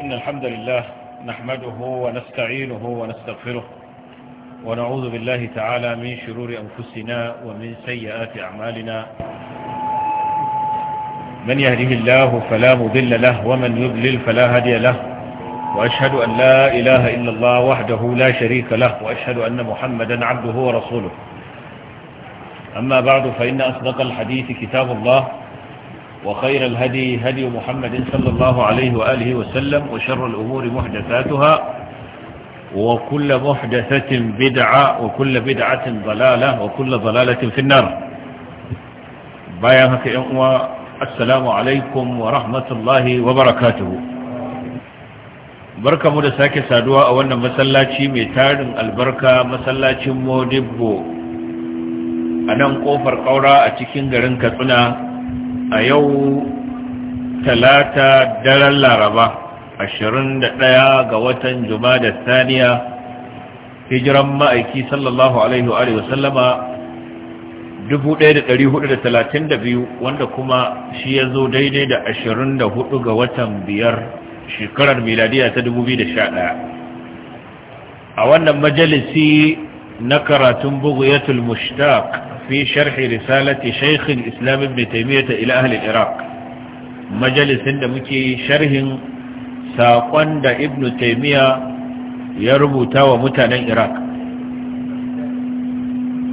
إن الحمد لله نحمده ونستعينه ونستغفره ونعوذ بالله تعالى من شرور أنفسنا ومن سيئات أعمالنا من يهده الله فلا مضل له ومن يضلل فلا هدي له وأشهد أن لا إله إلا الله وحده لا شريك له وأشهد أن محمدا عبده ورسوله أما بعد فإن أصدق الحديث كتاب الله وخير الهدي هدي محمد صلى الله عليه وآله وسلم وشر الأمور محدثاتها وكل محدثة بدعة وكل بدعة ضلالة وكل ضلالة في النار بايهك إنوى السلام عليكم ورحمة الله وبركاته بركة مدساكي سادوا أولا مسلاتي ميتار البركة مسلاتي مودبو أنا مقوفر قورا أتكين غرنك تنا a yau talata daren laraba 21 ga watan Juma da saniya hijiran ma'aiki sallallahu alaihi wa alihi wasallama 1432 wanda kuma shi ya zo daidai da 24 ga watan biyar shekarar miladiya ta 2011 a wannan majalisi na karatun bugu Yatul mushtaq في شرح رسالة شيخ الإسلام ابن تيمية إلى أهل العراق مجلس دمكي شرح ساقوان دا ابن تيمية يربط ومتانا العراق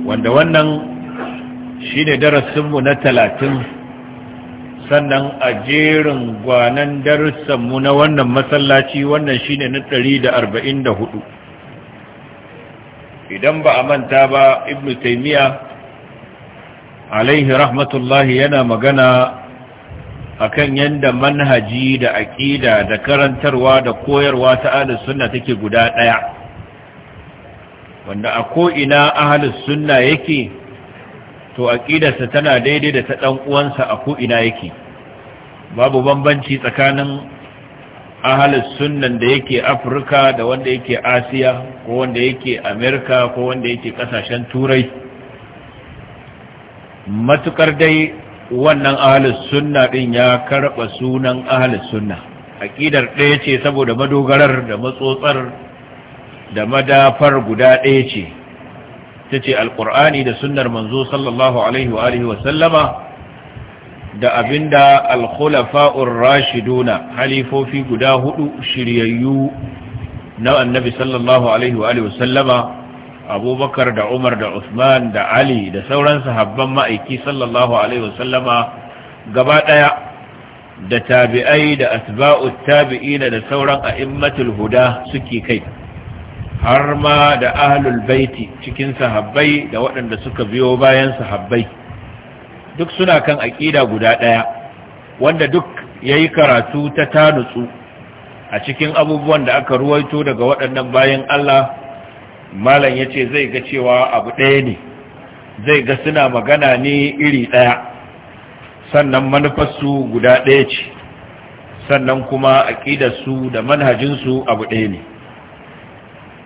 وان دوانا شين درسم نتلاتم sannan a jerin gwanan darussanmu na wannan masallaci wannan shine na 144 idan ba a manta ba ibnu taymiya alaihi rahmatullahi yana magana akan yadda manhaji da aƙida da karantarwa da koyarwa ta ahlus sunna take guda ɗaya wanda a ko'ina ahlus sunna yake to aƙidarsa tana daidai da ta ɗan uwansa a ko'ina yake babu bambanci tsakanin ahalus sunnan da yake afirka da wanda yake asiya ko wanda yake amerika ko wanda yake ƙasashen turai matukar dai wannan ahalus sunna din ya karba sunan ahalus sunna aqidar ɗaya ce saboda madogarar da matsotsar da madafar guda ɗaya ce tace alqur'ani da sunnar manzo sallallahu alaihi wa alihi wa sallama da abinda alkhulafa'ur rashiduna halifofi guda hudu shiryayyu na annabi sallallahu alaihi wa alihi wa sallama abubakar da umar da usman da ali da sauran sahabban ma'aiki sallallahu alaihi wasallama gaba ɗaya da tabi'ai da asba'ut tabi'ina da sauran a'immatul huda suke kai har ma da ahlul baiti cikin sahabbai da waɗanda suka biyo bayan sahabbai duk suna kan aƙida guda ɗaya wanda duk yayi karatu ta tanutsu a cikin abubuwan da aka ruwaito daga waɗannan bayan Allah malam ya ce zai ga cewa abu ɗaya ne zai ga suna magana ne iri ɗaya sannan manufarsu guda ɗaya ce sannan kuma aƙidarsu da manhajinsu abu ɗaya ne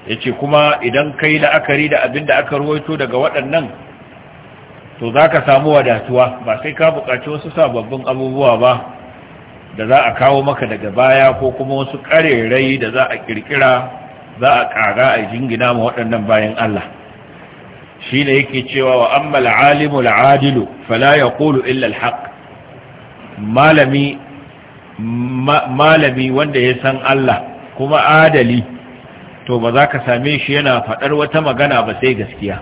ya ce kuma idan ka yi la'akari da abin da aka ruwaito daga waɗannan to za ka samu wadatuwa ba sai ka buƙaci wasu sababbin abubuwa ba da za a kawo maka daga baya ko kuma wasu ƙarerai da za a ƙirƙira za a kaga a jingina wa waɗannan bayan Allah shi ne yake cewa wa amma al'alimu al'adilu fala ya ƙulu illal alhaq malami wanda ya san Allah kuma adali to ba za ka same shi yana faɗar wata magana ba sai gaskiya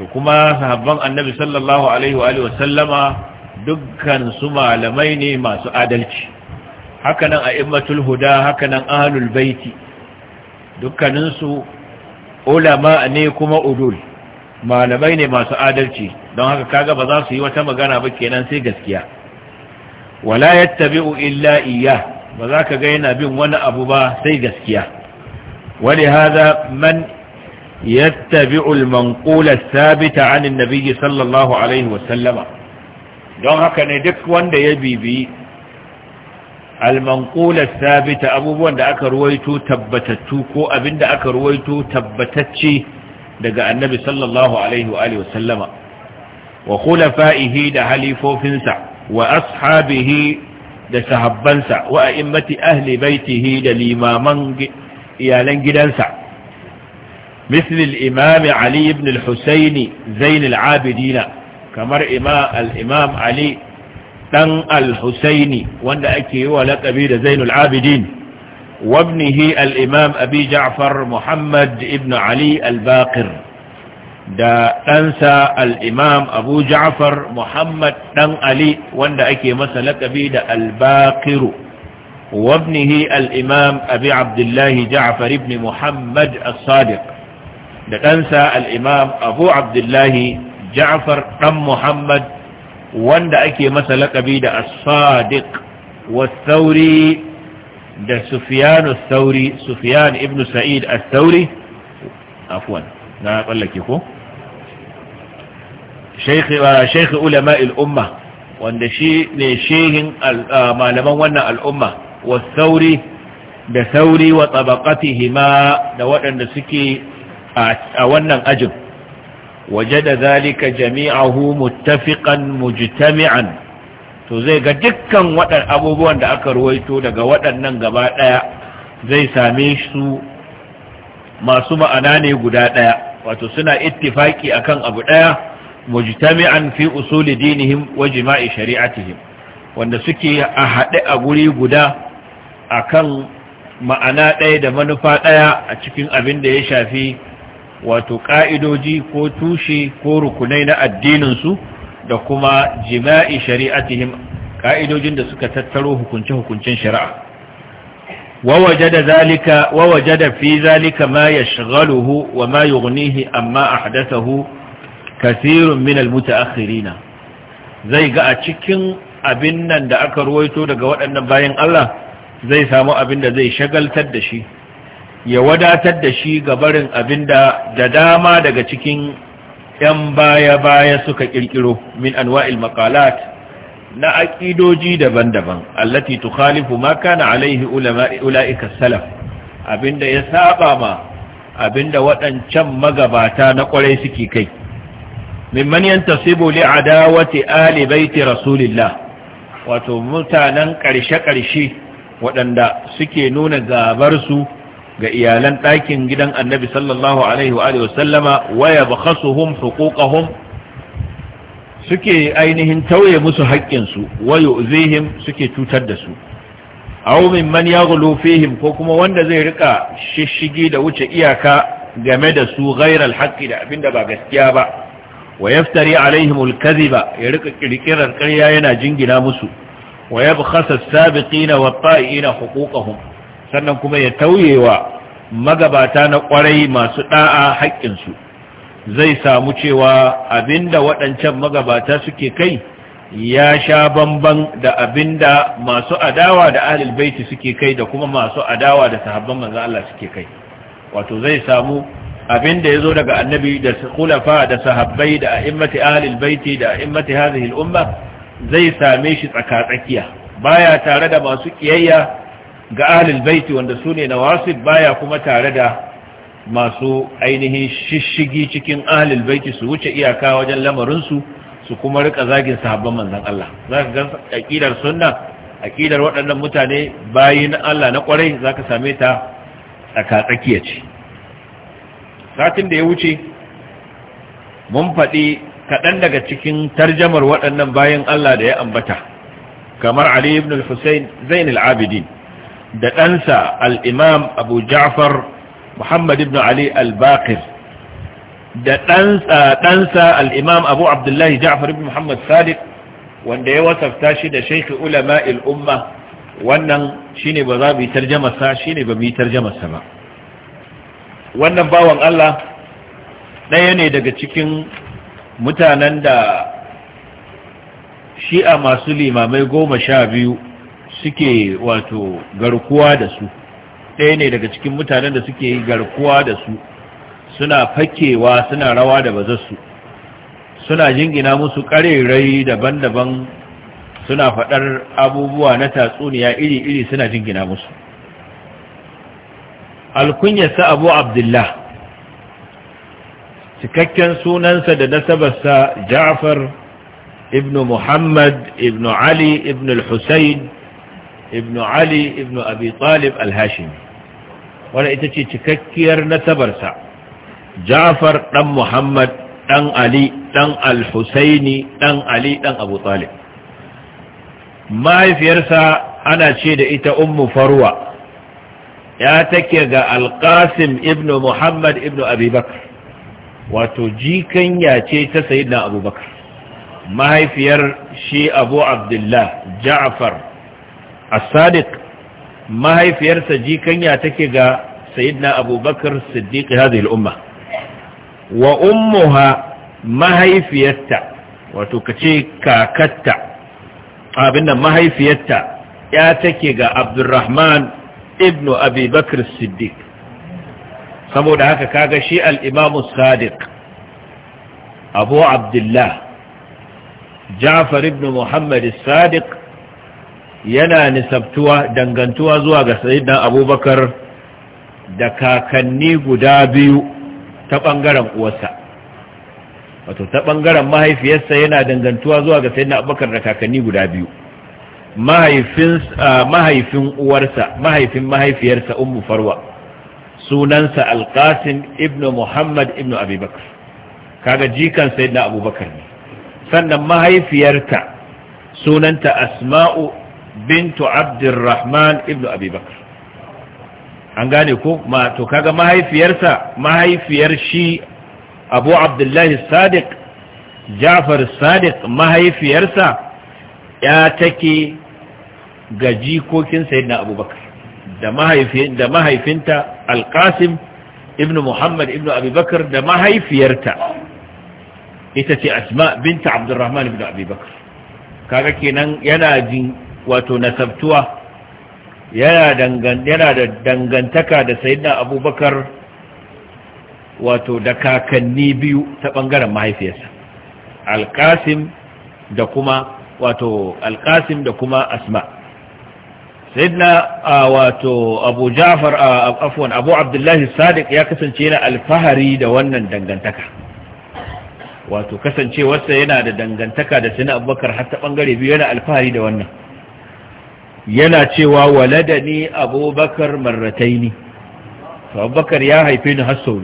to kuma sahabban annabi sallallahu alaihi wa sallama dukkan su malamai ne masu adalci hakanan a immatul huda hakanan ahlul baiti dukkaninsu ulama ne kuma udul malamai ne masu adalci don haka kaga ba za su yi wata magana ba kenan sai gaskiya wala yattabi'u illa iya ba za ka ga yana bin wani abu ba sai gaskiya wani hada man yattabi'u al-manqula thabita 'an an-nabiy sallallahu alaihi wa sallama don haka ne duk wanda ya bibi almanqula sabita abubuwan da aka ruwaito tabbatattu ko abinda aka ruwaito tabbatacce daga annabi sallallahu alaihi wa alihi wasallama wa khulafa'ihi da halifofinsa wa ashabihi da sahabbansa wa a'immati ahli baitihi da limaman iyalan gidansa مثل الإمام علي بن الحسين زين العابدين كمر إمام الإمام علي ɗan al-husaini wanda ake yi wa laƙabi da zainul abidin wabnihi al-imam abi ja'far muhammad ibn ali al-baqir da ɗansa al-imam abu ja'far muhammad ɗan ali wanda ake masa laƙabi da al-baqiru وابنه abi أبي عبد ibn muhammad بن sadiq da دقنسى الإمام أبو عبد الله جعفر بن محمد wanda ake masa laƙabi da as-sadiq was-sauri da sufyan as-sauri sufyan ibn sa'id as-sauri afwan na tsallake ko Sheikh uh, ulama al-umma wanda shi ne shehin uh, malaman wannan al'umma was-sauri da sauri wa tabaqatihima da waɗanda suke a wannan ajin وجد ذلك جميعه متفقا مجتمعا to zai ga dukkan waɗan abubuwan da aka ruwaito daga waɗannan gaba ɗaya zai same su masu ma'ana ne guda ɗaya wato suna ittifaki akan abu ɗaya mujtami'an fi usuli dinihim wa jima'i shari'atihim wanda suke a haɗe a guri guda akan ma'ana ɗaya da manufa ɗaya a cikin abin da ya shafi wato ƙa'idoji ko tushe ko rukunai na addininsu da kuma jima'i shari'atihim ƙa'idojin da suka tattaro hukunce-hukuncen shari'a wawaje da fi zalika ma ya shagaluhu wa ma amma a hadasahu kasirun minal na. zai ga a cikin abin nan da aka ruwaito daga waɗannan bayan Allah zai samu abin da zai shagaltar da shi ya wadatar da shi ga barin abinda da dama daga cikin 'yan baya-baya suka kirkiro min anwa'il maqalat na aƙidoji daban-daban allati tukhalifu ma kana alaihi ula'ika salaf da ya saba ma da waɗancan magabata na ƙwarai suke kai mimman yantasibu li adawati ali baiti rasulillah wato mutanen ƙarshe-ƙarshe waɗanda suke nuna gabar su ga iyalan ɗakin gidan annabi sallallahu alaihi wa sallama waya bakhasuhum huquqahum suke ainihin tauye musu haƙƙinsu wayo zihim suke cutar da su aw mimman yaghlu fihim ko kuma wanda zai rika shishigi da wuce iyaka game da su ghairal haqqi da abinda ba gaskiya ba wa yaftari alaihim alkadhiba ya rika kirkirar ƙarya yana jingina musu wa yabkhasa as-sabiqina wat-ta'ina huquqahum sannan kuma ya tauyewa magabata na kwarai masu ɗa'a haƙƙinsu zai samu cewa abinda waɗancan magabata suke kai ya sha bamban da abinda masu adawa da ahlul baiti suke kai da kuma masu adawa da sahabban manzon Allah suke kai wato zai samu abinda yazo daga annabi da khulafa da sahabbai da a'immati ahlul baiti da a'immati hadhihi al-umma zai same shi tsaka tsakiya baya tare da masu kiyayya ga ahlul baiti wanda su ne nawasib baya kuma tare da masu ainihin shishigi cikin ahlul baiti su wuce iyaka wajen lamarinsu, su su kuma rika zagin sahabban manzon Allah zaka ga aqidar sunna aqidar waɗannan mutane bayin Allah na kwarai zaka same ta tsaka tsakiya ce satin da ya wuce mun faɗi kaɗan daga cikin tarjamar waɗannan bayan Allah da ya ambata kamar Ali ibn al-Husayn Zain al-Abidin da ɗansa al'imam abu ja'far muhammad ibn ali al-baqir da ɗansa al'imam abu abdullahi ja'far ibn muhammad sadiq wanda ya wasafta shi da shaikh ulama umma wannan shine ba za mu yi tarjamasa shine ba mu yi tarjamasa ba wannan bawan Allah ɗaya ne daga cikin mutanen da shi'a masu limamai goma sha biyu suke wato garkuwa da su ɗaya ne daga cikin mutanen da suke yi garkuwa da su suna fakewa suna rawa da bazarsu suna jingina musu ƙarerai daban-daban suna faɗar abubuwa na tatsuniya iri-iri suna jingina musu alkunyarsa abu abdullah cikakken sunansa da nasabarsa ja'far ibn muhammad ibn ali ibn al-husayn ibn ali ibn abi talib al-hashimi wanda ita ce cikakkiyar nasabarsa jafar dan muhammad dan ali dan al-husaini dan ali dan abu talib mahaifiyarsa ana ce da ita ummu farwa ya take ga alkasim ibn muhammad ibn abubakar wato jikanya ce ta sayidina abubakar mahaifiyar shi abu abdullah ja'far as-sadiq mahaifiyarsa jikanya take ga sayyidina abubakar siddiq hadhihi al-umma wa ummuha mahaifiyarta wato kace kakatta abinda mahaifiyarta ya take ga abdurrahman ibnu abi siddiq saboda haka kaga shi al-imamu sadiq abu abdullah ja'far ibn muhammad sadiq yana nisabtuwa dangantuwa zuwa ga sayyidina abubakar da kakanni guda biyu ta ɓangaren uwarsa wato ta ɓangaren mahaifiyarsa yana dangantuwa zuwa ga sayyidina abubakar da kakanni guda biyu mahaifin uwarsa mahaifin mahaifiyarsa ummu farwa sunansa alqasim ibnu muhammad ibnu abubakar kaga jikan sayyidina abubakar ne sannan mahaifiyarta sunanta asma'u bintu abdurrahman ibnu abi bakr an gane ko ma to kaga mahaifiyarsa mahaifiyar shi abu abdullahi sadiq jafar sadiq mahaifiyarsa ya take ga jikokin sayyidina abubakar da mahaifin da mahaifinta alqasim ibnu muhammad ibnu abubakar da mahaifiyarta ita ce asma binta abdurrahman ibnu abubakar kaga kenan yana jin wato nasabtuwa yana da dangantaka da sayidina abubakar wato da kakanni biyu ta ɓangaren mahaifiyarsa alƙasim da kuma wato alƙasim da kuma asma sayidina wato abu jafar afuwan abu abdullahi sadiq ya kasance yana alfahari da wannan dangantaka wato kasancewarsa yana da dangantaka da sayidina abubakar har ta ɓangare biyu yana alfahari da wannan yana cewa walada ni abubakar marrataini to abubakar ya haife ni har sau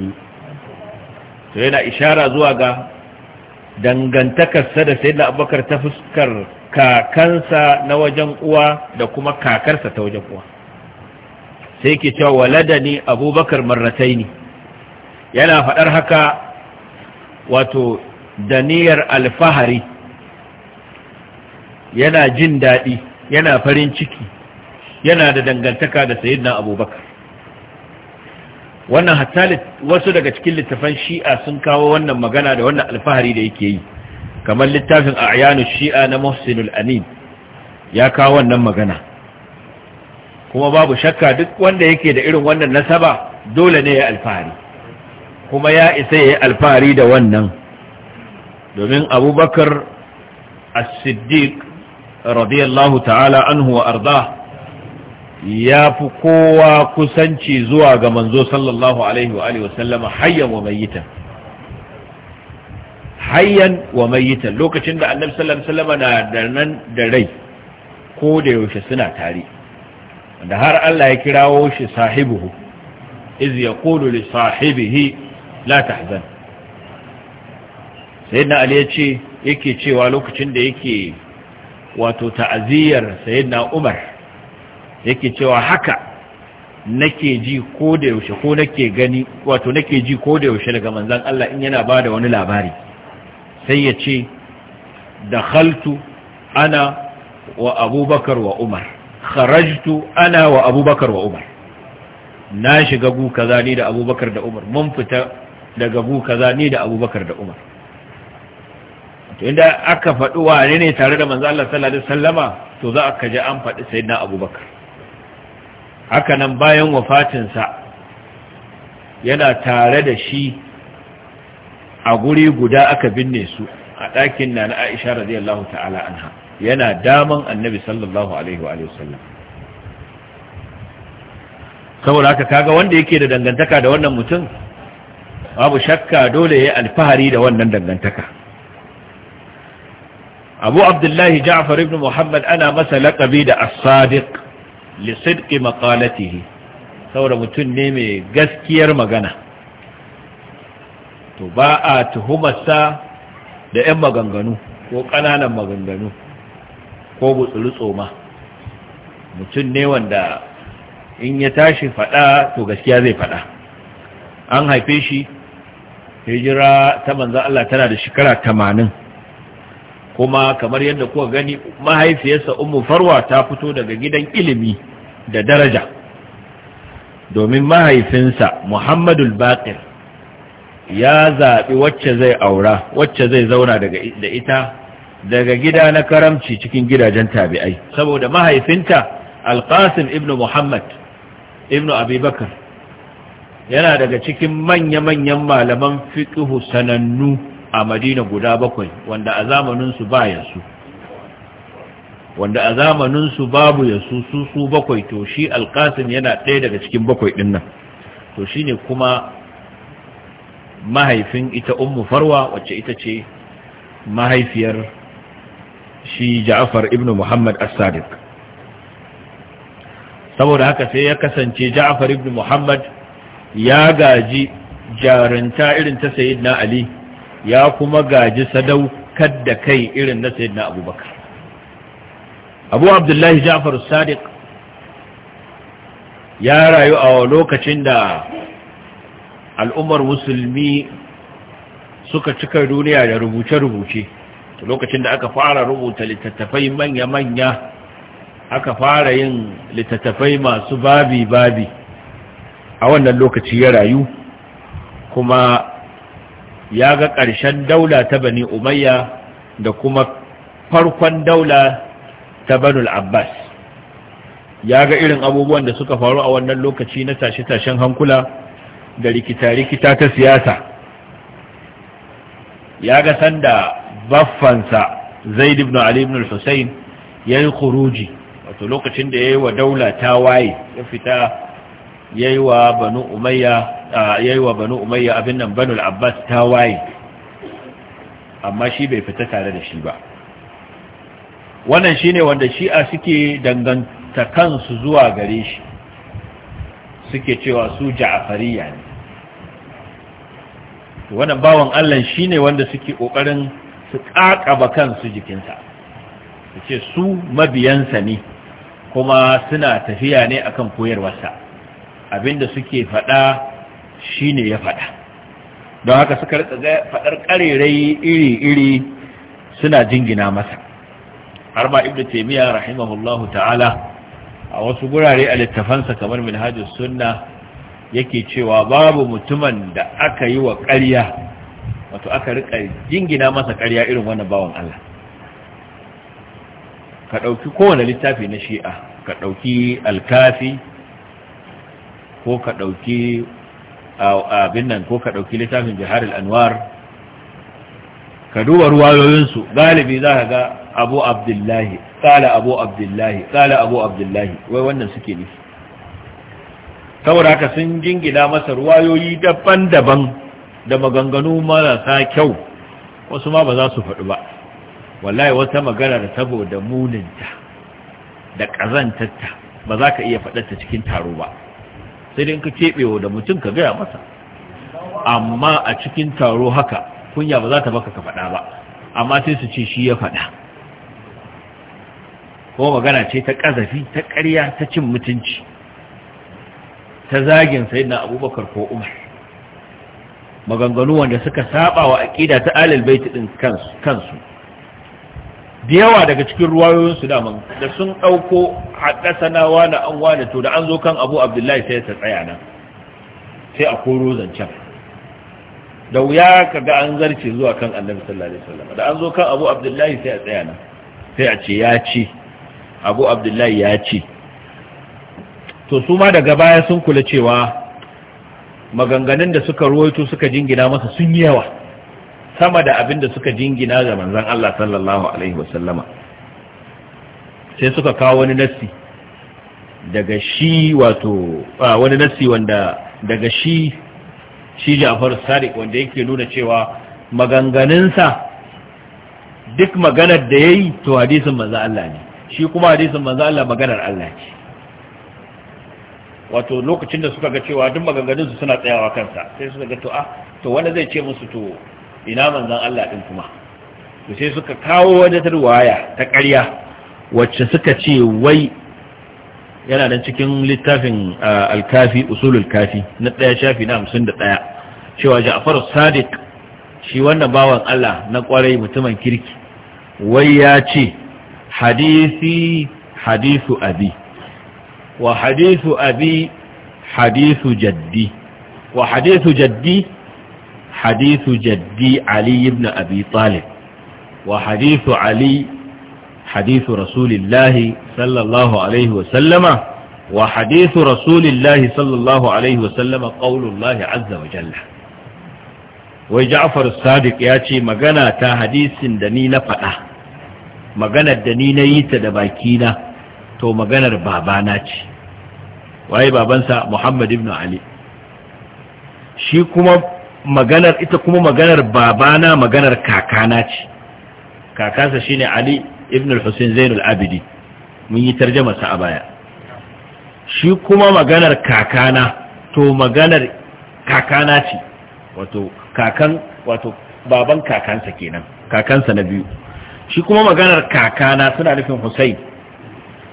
to yana ishara zuwa ga dangantakarsa da sayyidina abubakar ta fuskar kakansa na wajen uwa da kuma kakarsa ta wajen uwa sai ke cewa walada ni abubakar marrataini yana faɗar haka wato daniyar alfahari yana jin daɗi yana farin ciki yana da dangantaka da sayyidina abubakar wannan hatta wasu daga cikin littafan shi'a sun kawo wannan magana da wannan alfahari da yake yi kamar littafin a'yanu shi'a na muhsinul amin ya kawo wannan magana kuma babu shakka duk wanda yake da irin wannan nasaba dole ne ya alfahari kuma ya isa ya alfahari da wannan domin abubakar as-siddiq radiyallahu ta'ala anhu wa arda ya fi kowa kusanci zuwa ga manzo sallallahu alaihi wa alihi wasallama hayyan wa mayyitan hayyan wa mayyitan lokacin da annabi sallallahu alaihi wasallama na da nan da rai ko da yaushe suna tare da har Allah ya kirawo shi sahibihu iz yaqulu li sahibihi la tahzan sayyidina ali ya ce yake cewa lokacin da yake wato ta'aziyar sayyidina Umar yake cewa haka nake ji ko da yaushe ko nake gani wato nake ji ko da yaushe daga manzon Allah in yana bada wani labari sai ya ce dakhaltu ana wa abubakar wa umar kharajtu ana wa abubakar wa umar na shiga gu kaza ni da abubakar da umar mun fita daga gu kaza ni da abubakar da umar to inda aka faɗi wane ne tare da manzo Allah sallallahu alaihi wasallama to za a ji an faɗi sayyidina Abubakar haka nan bayan sa yana tare da shi a guri guda aka binne su a ɗakin na Aisha radiyallahu ta'ala anha yana daman annabi sallallahu alaihi wa sallam saboda haka kaga wanda yake da dangantaka da wannan mutum babu shakka dole yayi alfahari da wannan dangantaka abu abdullahi ja'far ibn muhammad ana masa laƙabi da as-sadiq li sidqi maqalatihi saboda mutum ne mai gaskiyar magana to ba a tuhumarsa da 'yan maganganu ko ƙananan maganganu ko butsuru mutum ne wanda in ya tashi faɗa to gaskiya zai faɗa an haife shi hijira ta manzan Allah tana da shekara tamanin kuma kamar yadda kuka gani mahaifiyarsa ummu farwa ta fito daga gidan ilimi da daraja domin mahaifinsa muhammadul baqir ya zaɓi wacce zai aura wacce zai zauna da ita daga gida na karamci cikin gidajen tabi'ai saboda mahaifinta alqasim ibnu muhammad ibnu abubakar yana daga cikin manya-manyan malaman fiqhu sanannu a madina guda bakwai wanda a zamaninsu ba yasu wanda a zamaninsu babu yasu su su bakwai to shi alkasim yana ɗaya daga cikin bakwai ɗin nan to shi ne kuma mahaifin ita ummu farwa wacce ita ce mahaifiyar shi ja'afar ibn muhammad as-sadiq saboda haka sai ya kasance ja'afar ibn muhammad ya gaji jarinta irin ta sayyidina ali ya kuma gaji sadaukar da kai irin na sayyidina abubakar abu abdullahi ja'far sadiq ya rayu a lokacin da al'ummar musulmi suka cika duniya da rubuce-rubuce lokacin da aka fara rubuta littattafai manya-manya aka fara yin littattafai masu babi-babi a wannan lokaci ya rayu kuma ya ga ƙarshen daula ta bani umayya da kuma farkon daula ta banul abbas ya ga irin abubuwan da suka faru a wannan lokaci na tashe-tashen hankula da rikita-rikita ta siyasa ya ga sanda baffansa zaid ibn ali ibn al-husayn ya yi kuruji wato lokacin da ya yi wa daula ta waye ya fita ya yi wa banu umayya ya yi wa banu umayya abin nan banu al'abbas ta waye amma shi bai fita tare da shi ba wannan shi ne wanda a suke danganta kansu zuwa gare shi suke cewa su ja'afariya ne wannan bawan allah shi ne wanda suke ƙoƙarin su ƙaƙaba kansu jikinsa su ce su mabiyansa ne kuma suna tafiya ne akan koyarwarsa abinda suke faɗa Shi ne ya faɗa don haka suka rika faɗar ƙarerai iri-iri suna jingina masa har ma ibnu taymiya rahimahullahu ta'ala a wasu gurare a littafansa kamar minhajus sunna yake cewa babu mutumin da aka yi wa ƙarya wato aka rika jingina masa ƙarya irin wannan bawan Allah ka ɗauki kowane littafi na shi'a ka ɗauki alkafi ko ka ɗauki abin nan ko ka ɗauki littafin jihar al'anwar ka duba ruwayoyinsu galibi za ka ga abu abdullahi ƙala abu abdullahi ƙala abu abdullahi wai wannan suke ne saboda haka sun jingina masa ruwayoyi daban-daban da maganganu marasa kyau wasu ma ba za su faɗi ba wallahi wata magana da saboda muninta da ƙazantarta ba za ka iya faɗarta cikin taro ba sai dai ka keɓewa da mutum ka gaya masa amma a cikin taro haka kunya ba za ta baka ka faɗa ba amma sai su ce shi ya faɗa ko magana ce ta ƙazafi ta ƙarya ta cin mutunci ta zagin sai na abubakar ko umar maganganu wanda suka saba wa aƙida ta alil baiti ɗin kansu da yawa daga cikin ruwayoyin su dama da sun ɗauko haddasana wani an wani to da an zo kan abu abdullahi sai ta tsaya nan sai a koro zancen da wuya kaga an zarce zuwa kan annabi sallallahu alaihi wasallam da an zo kan abu abdullahi sai a tsaya nan sai a ce ya ce abu abdullahi ya ce to su ma daga baya sun kula cewa maganganun da suka ruwaito suka jingina masa sun yi yawa sama da abin da suka jingina ga manzon Allah sallallahu alaihi wasallama sai suka kawo wani nassi daga shi wato wani nassi wanda daga shi shi Ja'far Sadiq wanda yake nuna cewa maganganunsa duk maganar da yayi to hadisin manzo Allah ne shi kuma hadisin manzo Allah maganar Allah ce wato lokacin da suka ga cewa duk maganganunsu suna tsayawa kansa sai suka ga to ah to wanda zai ce musu to ina manzan Allah ɗin kuma to sai suka kawo wani waya ta ƙarya wacce suka ce wai yana nan cikin littafin uh, alkafi usulul kafi na ɗaya shafi na hamsin da ɗaya cewa ja'far sadiq shi wannan bawan Allah na ƙwarai mutumin kirki wai ya ce hadisi hadisu abi wa hadisu abi hadisu jaddi wa hadisu jaddi hadithu jaddi ali ibn abi talib wa hadithu ali hadithu alaihi wa sallama wa hadithu rasulillahi sallallahu alaihi wa sallama qaulullahi azza wa jalla wai ja'far sadiq ya ce magana ta hadisin da ni na faɗa maganar da ni na yi ta da bakina to maganar babana ce waye babansa muhammad ibn ali shi kuma maganar ita kuma maganar babana maganar kakana ce kakansa shine Ali ibn al-Husayn Zain al-Abidi mun yi tarjuma sa a baya shi kuma maganar kakana to maganar kakana ce wato kakan wato baban kakansa kenan kakansa na biyu shi kuma maganar kakana suna nufin Husayn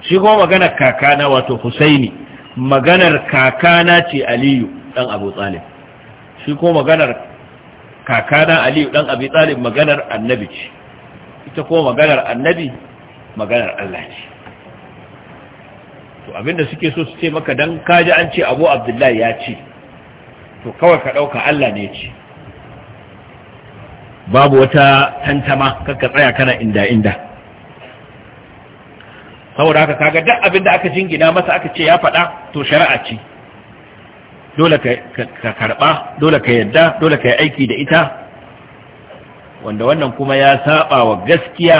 shi kuma maganar kakana wato Husaini maganar kakana ce Aliyu dan Abu Talib shi ko maganar kakana aliyu dan abi talib maganar annabi ce ita ko maganar annabi maganar Allah ce to abinda suke so su ce maka dan kaji an ce abu abdullahi ya ce to kawai ka ɗauka Allah ne ce babu wata tantama kakka tsaya kana inda-inda saboda haka kaga duk abinda aka jingina masa aka ce ya faɗa to shari'a ce dole ka karɓa, dole ka yadda dole ka yi aiki da ita wanda wannan kuma ya saba wa gaskiya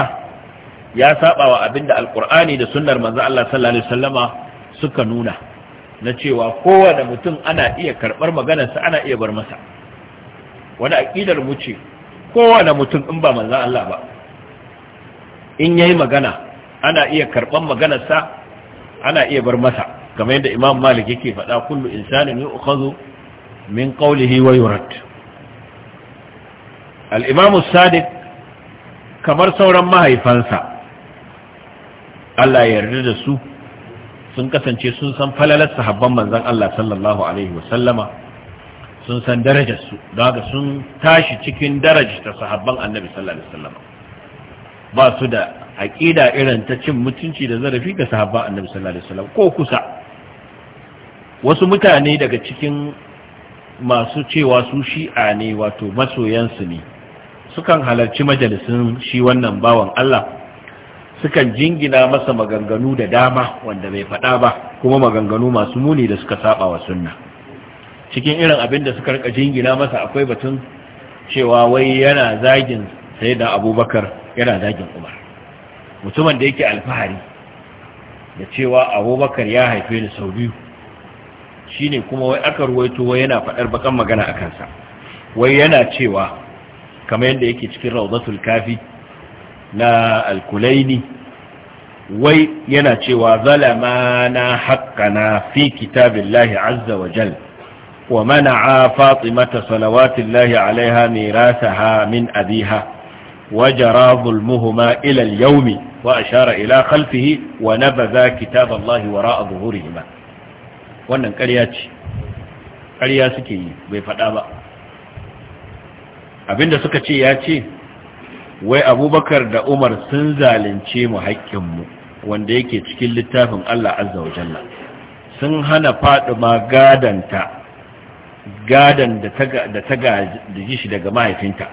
ya saba wa abinda alkur'ani da sunnar manzo Allah sallallahu alaihi wasallama suka nuna na cewa kowane mutum ana iya karbar maganarsa ana iya bar masa wani aqidar mu ce kowane mutum in ba manzo Allah ba in yayi magana ana iya karban maganarsa ana iya bar masa kamar yadda imam malik yake faɗa kullu insanin yu'khadhu min qawlihi wa yurad al-imam sadiq kamar sauran mahaifansa Allah ya yarda da su sun kasance sun san falalar sahabban manzan Allah sallallahu alaihi wa sallama sun san darajar su daga sun tashi cikin darajar ta sahabban annabi sallallahu alaihi wa sallama ba su da aƙida irin ta cin mutunci da zarafi ga sahabban annabi sallallahu alaihi wasallam ko kusa wasu mutane daga cikin masu cewa su shi'a ne wato masoyansu ne sukan halarci majalisun shi wannan bawan Allah sukan jingina masa maganganu da dama wanda bai faɗa ba kuma maganganu masu muni da suka saba wa sunna cikin irin abin da suka rika jingina masa akwai batun cewa wai yana zagin sai da abubakar yana zagin umar mutumin da yake alfahari da cewa abubakar ya haife ni sau biyu shine kuma wai aka ruwaito wai yana faɗar bakan magana a kansa wai yana cewa kamar yadda yake cikin rawdatul kafi na alkulaini wai yana cewa zalama na haqqana fi kitabillahi azza wa jal wa a fatimata salawatullahi alaiha ha min abiha وجرى ظلمهما ila kalfihi wa na baza ونبذا كتاب الله وراء ظهورهما wannan ƙarya ce ƙarya suke yi bai faɗa ba abinda suka ce ya ce wai abubakar da umar sun zalunce mu haƙƙinmu wanda yake cikin littafin Allah azza wa jalla sun hana faɗuma gadanta gadan da ta gaji shi daga mahaifinta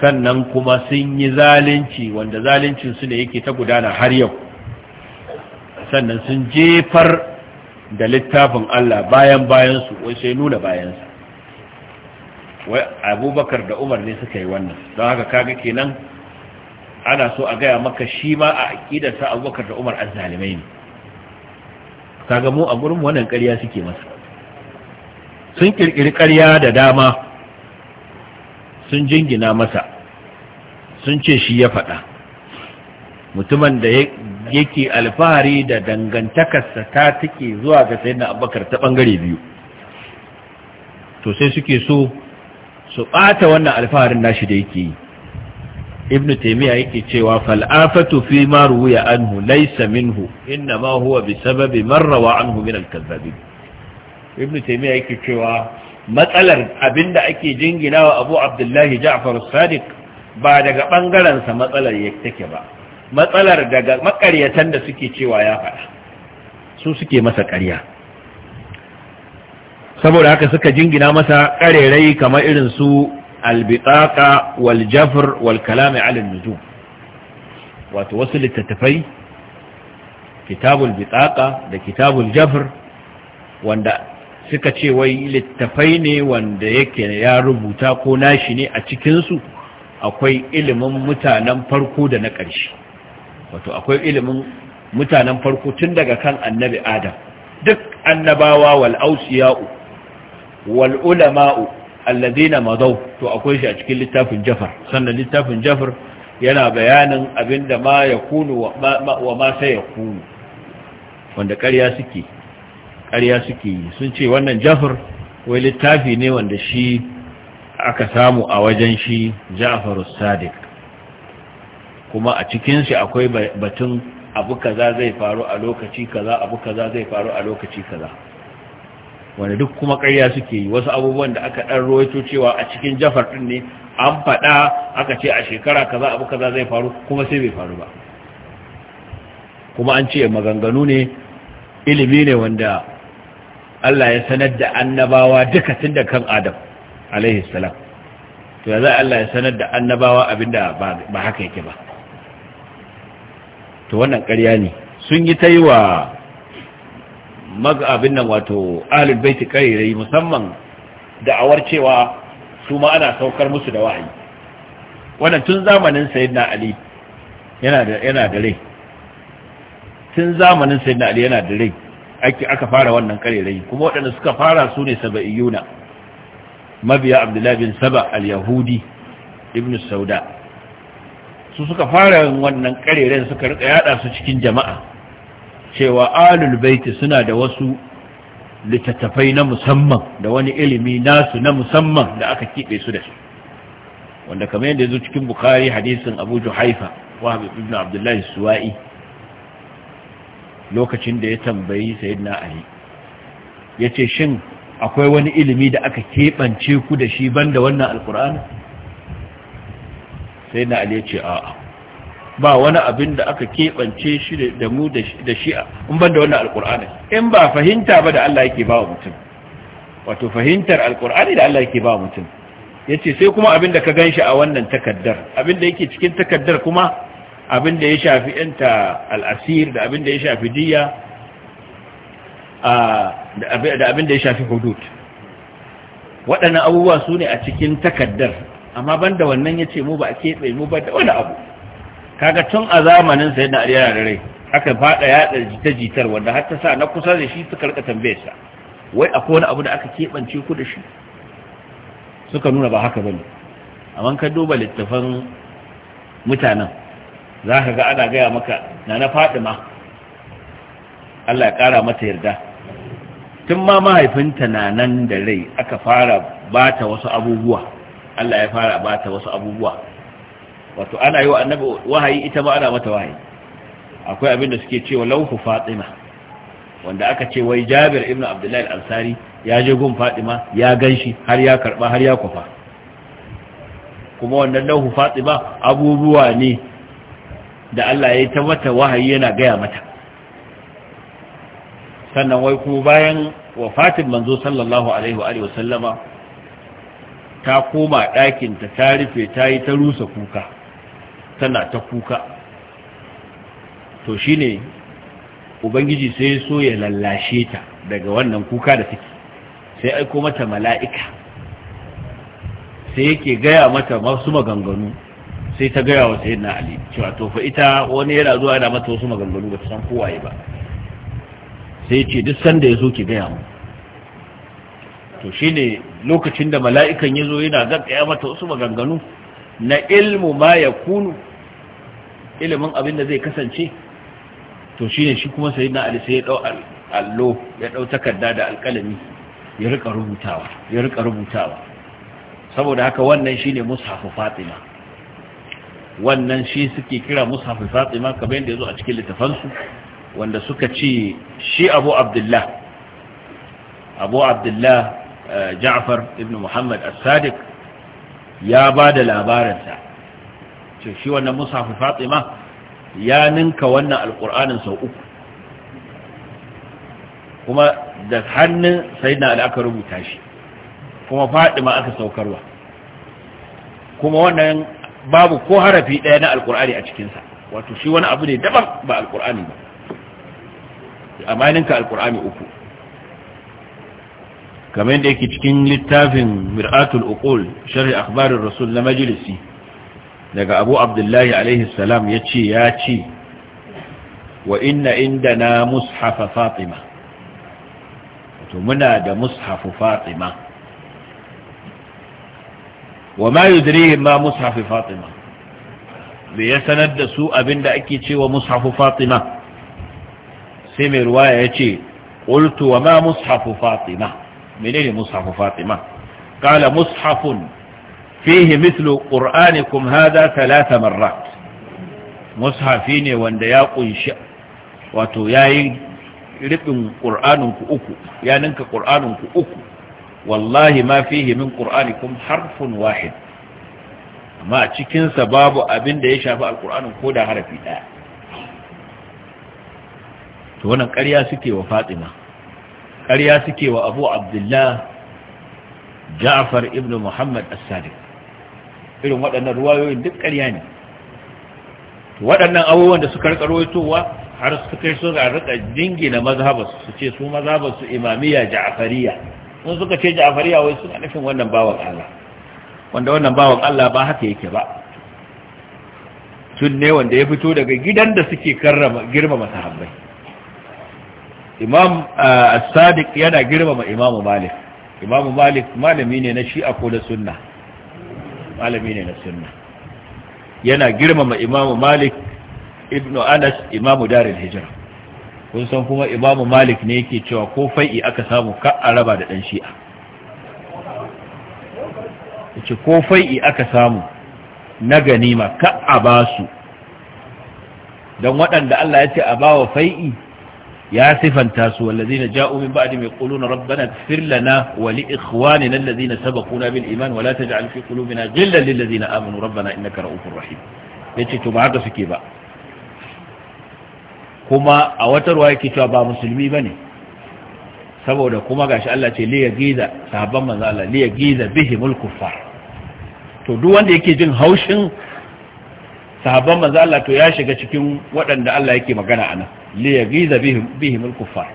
sannan kuma sun yi zalunci wanda zalincinsu ne yake ta gudana har yau sannan sun jefar da littafin Allah bayan bayansu wai sai nuna bayansa wai abubakar da umar ne suka yi wannan don haka kaga kenan ana so a gaya maka shi ma a aƙidarsa abubakar da umar azzalimai ne kaga mu a gurin wannan ƙarya suke masa sun ƙirƙiri ƙarya da dama sun jingina masa sun ce shi ya faɗa mutumin da ya yake alfahari da dangantakarsa ta take zuwa ga sayyidina abubakar ta bangare biyu to sai suke so su bata wannan alfaharin nashi da yake yi ibnu taymiya yake cewa fal'afatu fi ma ya anhu laysa minhu inma huwa bisababi sababi marrawa anhu min al Ibn ibnu taymiya yake cewa matsalar abinda ake jinginawa abu abdullahi ja'far sadiq ba daga ɓangarensa matsalar yake take ba matsalar daga makaryatan da suke cewa ya faɗa su suke masa ƙarya saboda haka suka jingina masa ƙarerai kamar irin su albitaka wal jafr wal alin nujum wato wasu littattafai kitabul bitaka da kitabul jafr wanda suka ce wai littafai ne wanda yake ya rubuta ko nashi ne a cikinsu akwai ilimin mutanen farko da na ƙarshe wato akwai ilimin mutanen farko tun daga kan annabi adam duk annabawa wal ausiya'u wal ulama'u alladhina madaw to akwai shi a cikin littafin jafar sannan littafin jafar yana bayanin abinda ma yakunu wa ma sai yakunu wanda ƙarya suke ƙarya suke yi sun ce wannan jafar wai littafi ne wanda shi aka samu a wajen shi ja'far as-sadiq kuma a cikin shi akwai batun abu kaza zai faru a lokaci kaza abu kaza zai faru a lokaci kaza wanda duk kuma ƙarya suke yi wasu abubuwan da aka ɗan rawaito cewa a cikin jafar ɗin ne an faɗa aka ce a shekara kaza abu kaza zai faru kuma sai bai faru ba kuma an ce maganganu ne ilimi ne wanda Allah ya sanar da annabawa duka tun da kan Adam alaihi salam to ya za Allah ya sanar da annabawa abinda ba haka yake ba to wannan ƙarya ne sun yi ta yi wa abin nan wato ahlul baiti ƙarirai musamman da'awar cewa su ma ana saukar musu da wahayi wannan tun zamanin sayyidina ali yana da rai tun zamanin sayyidina ali yana da rai ake aka fara wannan ƙarirai kuma waɗanda suka fara su ne saba'iyuna mabiya abdullahi bin saba al-yahudi ibn sauda su suka fara wannan kareren suka rika yada su cikin jama'a cewa alul baiti suna da wasu littattafai na musamman da wani ilimi nasu na musamman da aka kibe su da su wanda kamar yadda yazo cikin bukhari hadisin abu juhaifa wa ibn abdullahi suwa'i lokacin da ya tambayi sayyidina ali ce shin akwai wani ilimi da aka keɓance ku da shi banda wannan alkur'ani sai na ali ce a'a ba wani abin da aka keɓance shi da mu da shi'a in ban da wannan alkur'ani in ba fahimta ba da Allah yake ba wa mutum wato fahimtar alkur'ani da Allah yake ba wa mutum ya ce sai kuma abin da ka gan shi a wannan takaddar abin da yake cikin takaddar kuma abin da ya shafi yanta al'asir da abin da ya shafi diya da abin da ya shafi hudud waɗannan abubuwa su ne a cikin takaddar amma ban da wannan ya ce mu ba a keɓe mu ba da wani abu kaga tun a zamanin sai na ariya da rai aka faɗa da jita-jitar wanda har ta sa na kusa da shi suka rika tambayar sa wai akwai wani abu da aka keɓance ku da shi suka nuna ba haka bane amma ka duba littafan mutanen za ka ga ana gaya maka na na faɗi ma. Allah ya ƙara mata yarda tun ma mahaifinta na nan da rai aka fara bata wasu abubuwa Allah ya fara bata wasu abubuwa wato ana yi wa annabi wahayi ita ana mata wahayi akwai abin da suke cewa lauhu fatima wanda aka ce wai jabir ibn abdullahi al-ansari ya je gun fatima ya ganshi har ya karba har ya kwafa kuma wannan lauhu fatima abubuwa ne da Allah ya yi ta mata wahayi yana gaya mata sannan wai kuma bayan wafatin manzo sallallahu alaihi wa sallama ta koma ɗakinta ta rufe ta yi ta rusa kuka tana ta kuka to shi ne ubangiji sai so ya lallashe ta daga wannan kuka da take sai aiko mata mala'ika sai yake gaya mata masu maganganu sai ta gaya wata yin na ali cewa to ita wani yana zuwa yana mata wasu maganganu ba ta san kowaye ba sai ce duk sanda ya so ki gaya mu to shi ne lokacin da mala'ikan ya zo yana gaggaya mata wasu maganganu na ilmu ma ya kunu ilimin abin da zai kasance to shi ne shi kuma sai na ali sai ya dau allo ya dau takarda da alƙalami ya riƙa rubutawa ya riƙa rubutawa saboda haka wannan shi ne mushafu fatima wannan shi suke kira mushafu fatima kamar yadda ya zo a cikin littafansu wanda suka ce shi abu abdullah abu abdullah ja'far ibn muhammad as-sadiq ya ba da labaransa ce shi wannan musafi fatima ya ninka wannan alƙur'anin sau uku kuma da hannun sayidina ali aka rubuta shi kuma fatima aka saukarwa kuma wannan babu ko harafi ɗaya na alƙur'ani a cikinsa wato shi wani abu ne daban ba alƙur'ani ba amma ninka alƙur'ani uku kamar yadda yake cikin littafin mir'atul uqul sharhi akhbarir rasul na majalisi daga abu abdullahi alaihi salam ya ce ya ce wa inna indana mushafa fatima to muna da mushafu fatima wa ma yudrihim ma mushafu fatima bai ya sanar da su abinda ake cewa mushafu fatima sai mai ruwaya ya ce qultu wa ma mushafu fatima menene mushafu fatima qala mushafun fihi mithlu qur'anikum hadha thalath marrat mushafi ne wanda ya kunshi wato yayi ribin qur'aninku uku ya ninka qur'aninku uku wallahi ma fihi min qur'anikum harfun wahid amma a cikinsa babu abin da ya shafi alkur'anin ko da harafi ɗaya to wannan ƙarya suke wa fatima ƙarya suke wa abu abdullah ja'far ibn muhammad as-sadiq irin waɗannan ruwayoyin duk ƙarya ne waɗannan abubuwan da suka rika ruwaitowa har suka kai su ga rika jingina mazhabar su ce su mazhabar su imamiyya ja'afariya. sun suka ce ja'afariya wai suna nufin wannan bawan Allah wanda wannan bawan Allah ba haka yake ba tun ne wanda ya fito daga gidan da suke karrama girmama sahabbai imam eh, as-sadiq yana girmama imam malik imam malik malami ne na shi'a ko da sunna malami ne na sunna yana girmama imam malik ibnu anas imam darul hijra kun san kuma imam malik ne yake cewa ko fai'i aka samu ka araba da dan shi'a yace ko fai'i aka samu na ganima ka a basu don waɗanda Allah ya ce a bawa fai'i ya sifanta su wallazina ja'u min ba'di mai quluna rabbana ighfir lana wa li ikhwanina allazina sabaquna bil iman wa la taj'al fi qulubina ghillan lil ladzina amanu rabbana innaka ra'ufur rahim yace to ba haka suke ba kuma a wata ruwa yake cewa ba musulmi bane saboda kuma gashi Allah ce li yagiza sahabban manzo Allah li yagiza bihimul kuffar to duk wanda yake jin haushin sahabban manzo Allah to ya shiga cikin waɗanda Allah yake magana nan li yaghiza bihim bihim al-kuffar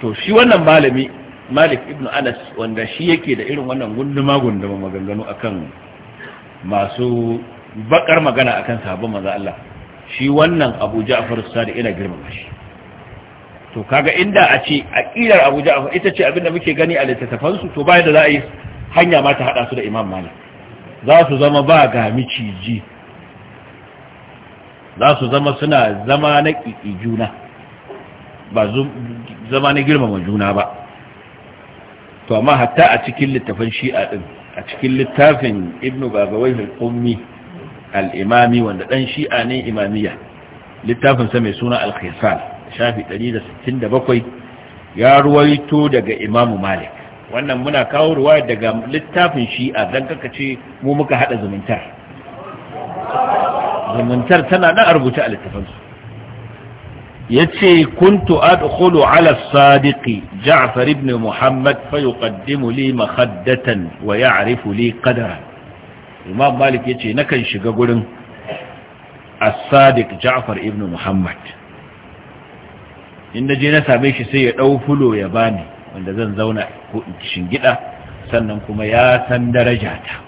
to shi wannan malami Malik ibn Anas wanda shi yake da irin wannan gunduma gunduma maganganu akan masu bakar magana akan sahabban manzo Allah shi wannan Abu Ja'far sadiq ina girmama shi to kaga inda a ce aqidar Abu Ja'far ita ce abinda muke gani a littattafansu to bai da za a yi hanya ma ta hada su da Imam Malik za su zama ba ga miciji za su zama suna zama na ƙiƙi juna ba zama na girmama juna ba to amma hatta a cikin littafin shi'a ɗin, a cikin littafin ibnu babawai al al’imami al-imami wanda ɗan shi'a ne imamiya littafin sa mai suna al-khisal shafi 167 ya ruwaito daga imamu malik wannan muna kawo ruwa daga littafin shi'a don ce mu muka haɗa zumuntar zumuntar tana na a rubuta a littafansu ya ce kuntu adkhulu ala sadiqi ja'far ibn muhammad fa yuqaddimu li mahaddatan wa ya'rifu li qadara imam malik yace nakan shiga gurin as-sadiq ja'far ibn muhammad in naje na same shi sai ya ɗau fulo ya bani wanda zan zauna ko in shingida sannan kuma ya san darajata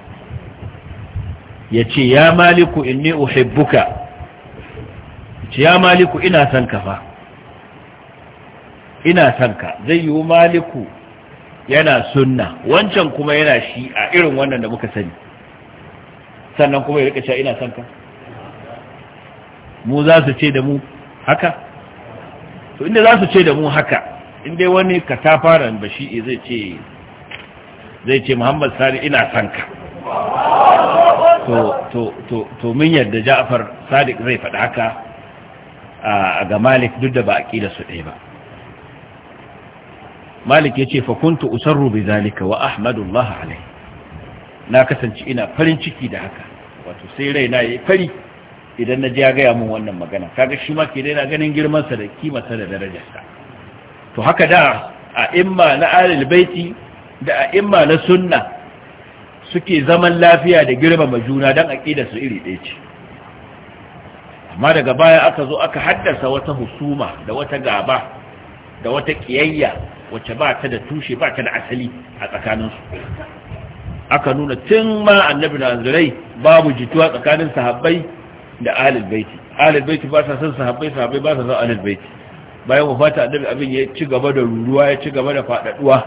yace ya maliku inni uhibbuka yace ya maliku ina son ka fa ina son ka zai yi maliku yana sunna wancan kuma yana shi a irin wannan da muka sani sannan kuma ya rika cewa ina son ka mu za su ce da mu haka to inda za su ce da mu haka in dai wani katafaran bashi eh, zai ce zai ce muhammad sani ina san ka to min yadda ja'far sadiq zai faɗa haka a ga malik duk da ba a kila su ɗaya ba malik ya ce fakuntu usarru bi zalika wa ahmadullah alai na kasance ina farin ciki da haka wato sai rai na yi fari idan na ji ya gaya mun wannan magana kaga shi ma ke dai na ganin girmansa da kimarsa da darajarsa to haka da a imma na alil baiti da a imma na sunna suke zaman lafiya da girmama juna don aƙida su iri ɗaya ce amma daga baya aka zo aka haddasa wata husuma da wata gaba da wata ƙiyayya wacce ba ta da tushe ba ta da asali a tsakaninsu aka nuna tun ma annabi nazirai babu jituwa tsakanin sahabbai da alil baiti alil baiti ba sa son sahabbai sahabbai ba sa son alil baiti bayan wafata annabi abin ya ci gaba da ruruwa ya ci gaba da faɗaɗuwa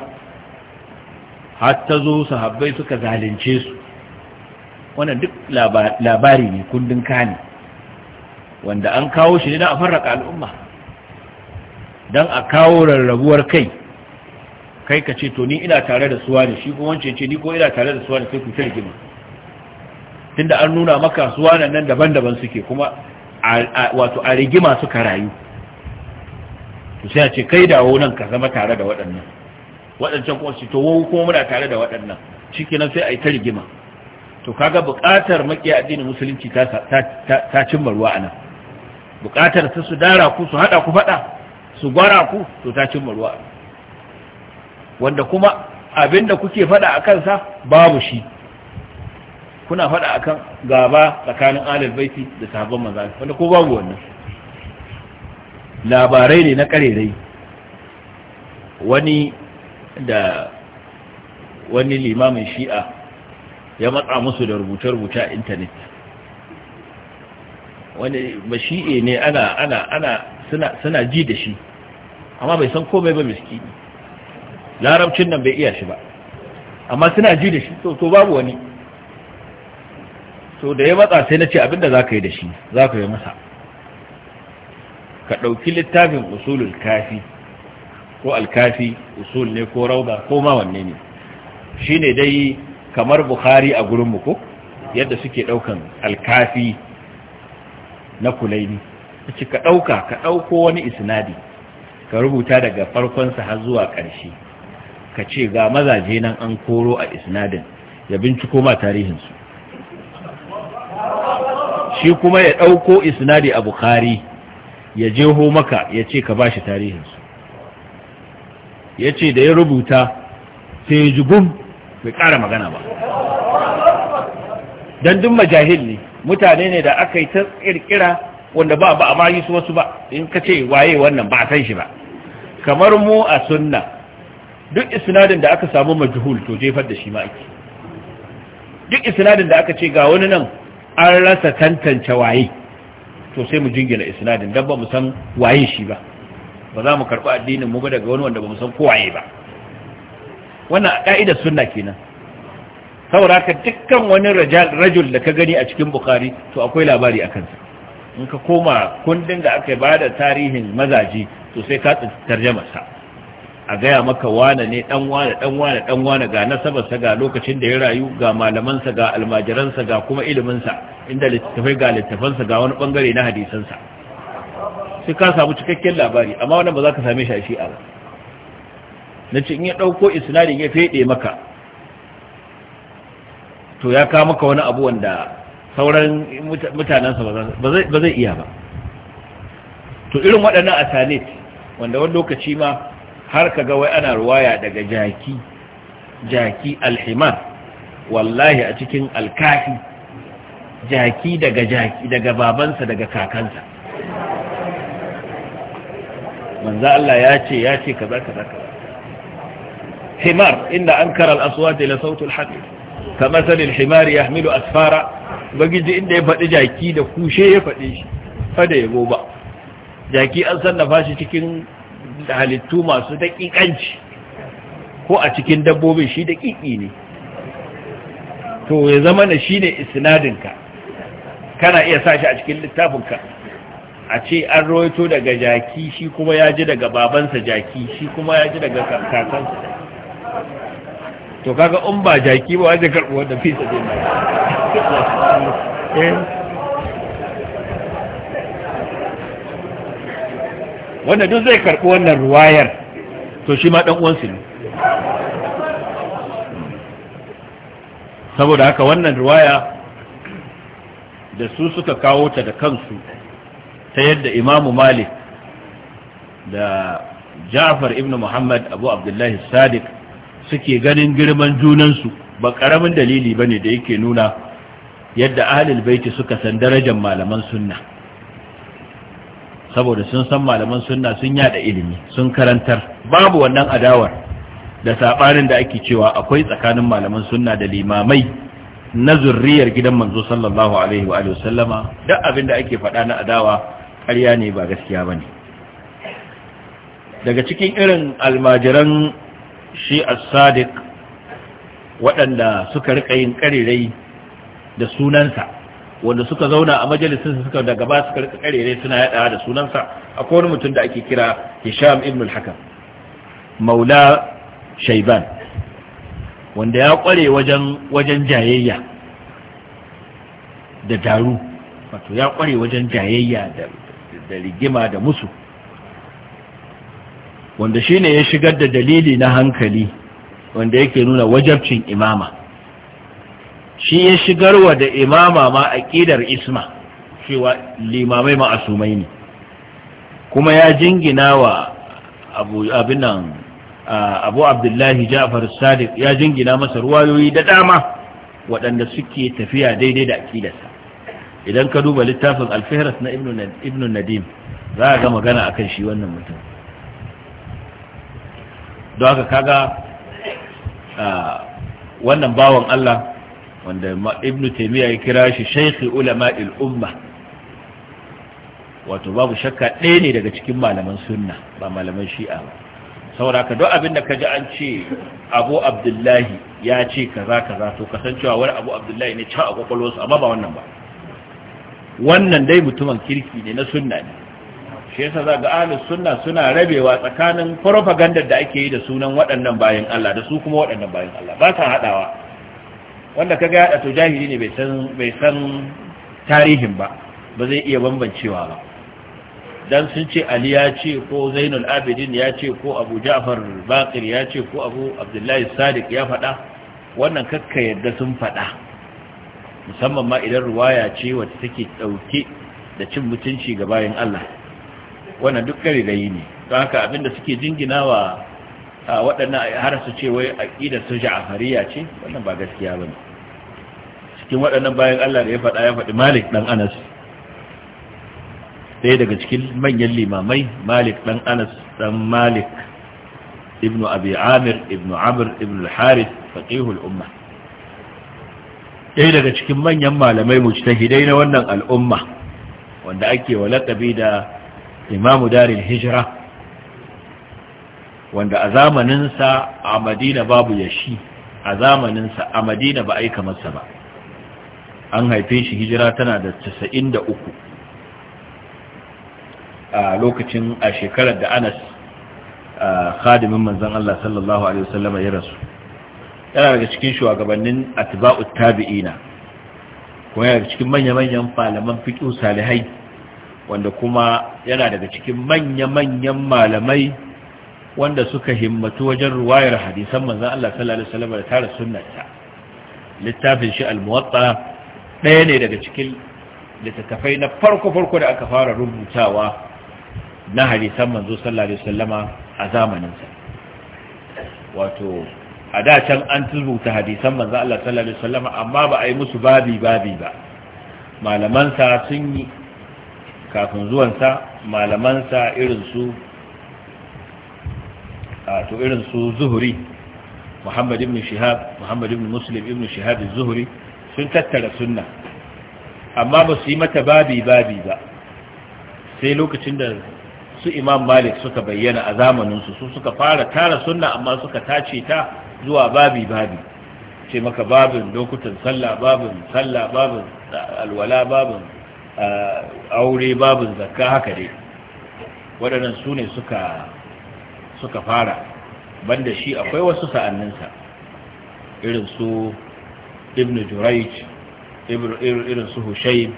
har ta zo sahabbai suka zalunce su wannan duk labari ne kundin kani wanda an kawo shi ne don a farraka al'umma don a kawo rarrabuwar kai kai ka ce to ni ina tare da suwa ne shi kuma wancan ce ni ko ina tare da suwa ne sai ku sai gima tunda an nuna maka suwa nan daban-daban suke kuma wato a rigima suka rayu to sai a ce kai dawo nan ka zama tare da waɗannan waɗancan kuma su to wau kuma muna tare da waɗannan nan sai a yi ta rigima to kaga buƙatar maƙi addinin musulunci ta ta cimma ruwa nan, buƙatar ta su dara ku su haɗa ku faɗa, su gwara ku to ta cimma ruwa wanda kuma abinda kuke faɗa a kansa babu shi kuna faɗa akan gaba tsakanin alal baiti da sahabban manzo wanda ko babu wannan labarai ne na karerai wani da wani limamin shi'a ya matsa musu da rubuce-rubuce a intanet wani shi'e ne ana ana ana suna suna ji da shi amma bai san komai ba miski larabcin nan bai iya shi ba amma suna ji da shi to to babu wani to da ya matsa sai na ce abinda za ka yi da shi za ka yi masa ka ɗauki littafin usulul kafi ko alkafi usul ne ko rauda ko ma wanne ne shine dai kamar bukhari a gurinmu ko yadda suke ɗaukan alkafi na kulaini ci ka ɗauka ka ɗauko wani isnadi ka rubuta daga farkonsa har zuwa ƙarshe ka ce ga mazaje nan an koro a isnadin ya binciko ma tarihinsu shi kuma ya ɗauko isnadi a bukhari ya jeho maka ya ce ka bashi tarihinsu ya ce da ya rubuta sai ya jubun bai ƙara magana ba don dun majahil ne mutane ne da aka yi ta ƙirƙira wanda ba ba a ma yi su wasu ba in ka ce waye wannan ba a san shi ba kamar mu a sunna duk isnadin da aka samu majhul to jefar da shi ma ake duk isnadin da aka ce ga wani nan an rasa tantance waye to sai mu jingina isnadin dan ba mu san waye shi ba ba za mu karɓi addinin mu ba daga wani wanda ba mu san ko waye ba wannan ka'idar sunna kenan saboda ka dukkan wani rajul da ka gani a cikin bukhari to akwai labari a kansa in ka koma kundin da aka ba da tarihin mazaji to sai ka tarjama sa a gaya maka wane ne dan wane dan wane dan wane ga nasabarsa ga lokacin da ya rayu ga malamansa ga almajiransa ga kuma iliminsa inda littafai ga littafansa ga wani bangare na hadisansa sai ka samu cikakken labari amma wannan ba za ka same shi a shi'a ba na ce in ya ɗauko isnadin ya feɗe maka to ya ka maka wani abu wanda sauran mutanensa ba zai iya ba to irin waɗannan asanit wanda wani lokaci ma har ka ga wai ana ruwaya daga jaki jaki alhimar wallahi a cikin alkafi jaki daga jaki daga babansa daga kakansa manzo Allah ya ce ya ce kaza kaza kaza himar inda ankara al-aswat ila sautul haqi kama salil himar yahmilu asfara bagiji inda ya faɗi jaki da kushe ya faɗi shi fada yabo ba jaki an sannafa shi cikin halittu masu daƙiƙanci ko a cikin dabbobin shi daƙiƙi ne to ya zama na shi ne isnadinka kana iya sa shi a cikin littafinka a ce an rohoto daga jaki shi kuma ya ji daga babansa jaki shi kuma ya ji daga kakansa to kaga umba jaki ba wajen karɓi wadda fisa zai mai eh. wanda duk zai karɓi wannan ruwayar to shi ma ɗan uwansu ne saboda haka wannan ruwaya da su suka kawo ta da kansu ta yadda imamu malik da ja'far ibn muhammad abu abdullahi sadiq suke ganin girman junansu ba ƙaramin dalili ba ne da yake nuna yadda ahalil baiti suka san darajar malaman sunna saboda sun san malaman sunna sun yada ilimi sun karantar babu wannan adawar da sabanin da ake cewa akwai tsakanin malaman sunna da limamai na zurriyar gidan manzo sallallahu alaihi wa sallama duk abin da ake faɗa na adawa ƙarya ne ba gaskiya ba ne. daga cikin irin almajiran shi as-sadiq waɗanda suka rika yin ƙarirai da sunansa wanda suka zauna a majalisin su suka daga ba suka rika karere suna yada da sunansa akwai wani mutum da ake kira Hisham ibn al-Hakam Maula Shayban wanda ya kware wajen wajen jayayya da daru wato ya kware wajen jayayya da da rigima da musu wanda shine ya shigar da dalili na hankali wanda yake nuna wajabcin imama shi ya shigarwa da imama ma aqidar isma cewa limamai ma'asumai ne kuma ya jingina wa abu abinan abu abdullahi ja'far sadiq ya jingina masa ruwayoyi da dama waɗanda suke tafiya daidai da aqidarsa idan ka duba littafin alfihras na ibnu nadim za a ga magana akan shi wannan mutum don haka kaga wannan bawan Allah wanda ibn taymiya ya kira shi shaykhi ulama'il umma wato babu shakka ɗaya ne daga cikin malaman sunna ba malaman shi'a ba saboda ka duk abin da ka ji an ce abu abdullahi ya ce kaza kaza to kasancewa wani abu abdullahi ne can a kwakwalwarsu amma ba wannan ba wannan dai mutumin kirki ne na sunna ne shi yasa za ga ahlus sunna suna rabewa tsakanin propaganda da ake yi da sunan waɗannan bayan Allah da su kuma waɗannan bayan Allah ba sa haɗawa. wanda kaga ya to jahili ne bai san tarihin ba ba zai iya bambancewa ba dan sun ce ali ya ce ko zainul abidin ya ce ko abu ja'far baqir ya ce ko abu abdullahi sadiq ya faɗa wannan kakka yadda sun faɗa musamman ma idan ruwaya ce wacce take ɗauke da cin mutunci ga bayan Allah wannan duk yi ne don haka abinda suke jinginawa wa waɗannan har su ce wai aƙidar su ja'fariya ce wannan ba gaskiya ba cikin waɗannan bayan Allah da ya faɗa ya faɗi Malik ɗan Anas ɗaya daga cikin manyan limamai Malik ɗan Anas dan Malik ibn Abi Amir ibn Amr ibn harith faqihul umma ɗaya daga cikin manyan malamai mujtahidai na wannan al'umma wanda ake wa laqabi da Imam Darul Hijra wanda a zamaninsa a Madina babu yashi a zamaninsa a Madina ba aika masa ba an haife shi hijira tana da 93 a lokacin a shekarar da anas khadimin manzan Allah sallallahu Alaihi wasallama ya rasu yana daga cikin shugabannin atba'ut tabi'ina kuma yana daga cikin manya-manyan malaman fiƙin salihai wanda kuma yana daga cikin manya-manyan malamai wanda suka himmatu wajen ruwayar hadisan manzan Allah sallallahu Alaihi wasallama da tara sunnata littafin shi al-muwatta ɗaya ne daga cikin littattafai na farko-farko da aka fara rubutawa na hadisan manzo sallallahu alaihi wasallama a zamaninsa wato a da can an rubuta hadisan manzo Allah sallallahu alaihi wasallama amma ba a yi musu babi babi ba malamansa sun yi kafin zuwansa malamansa irin su to irin su zuhuri muhammad ibn shihab muhammad ibn muslim ibn shihab zuhuri sun tattara sunna amma ba su yi mata babi babi ba sai lokacin da su imam malik suka bayyana a zamaninsu su suka fara tara sunna amma suka tace ta zuwa babi babi ce maka babin lokutan sallah babin sallah babin ah, alwala babin ah, aure babin zakka haka dai waɗannan su ne suka fara banda shi akwai wasu sa'anninsa irin su ibn jurayj irin su hushayn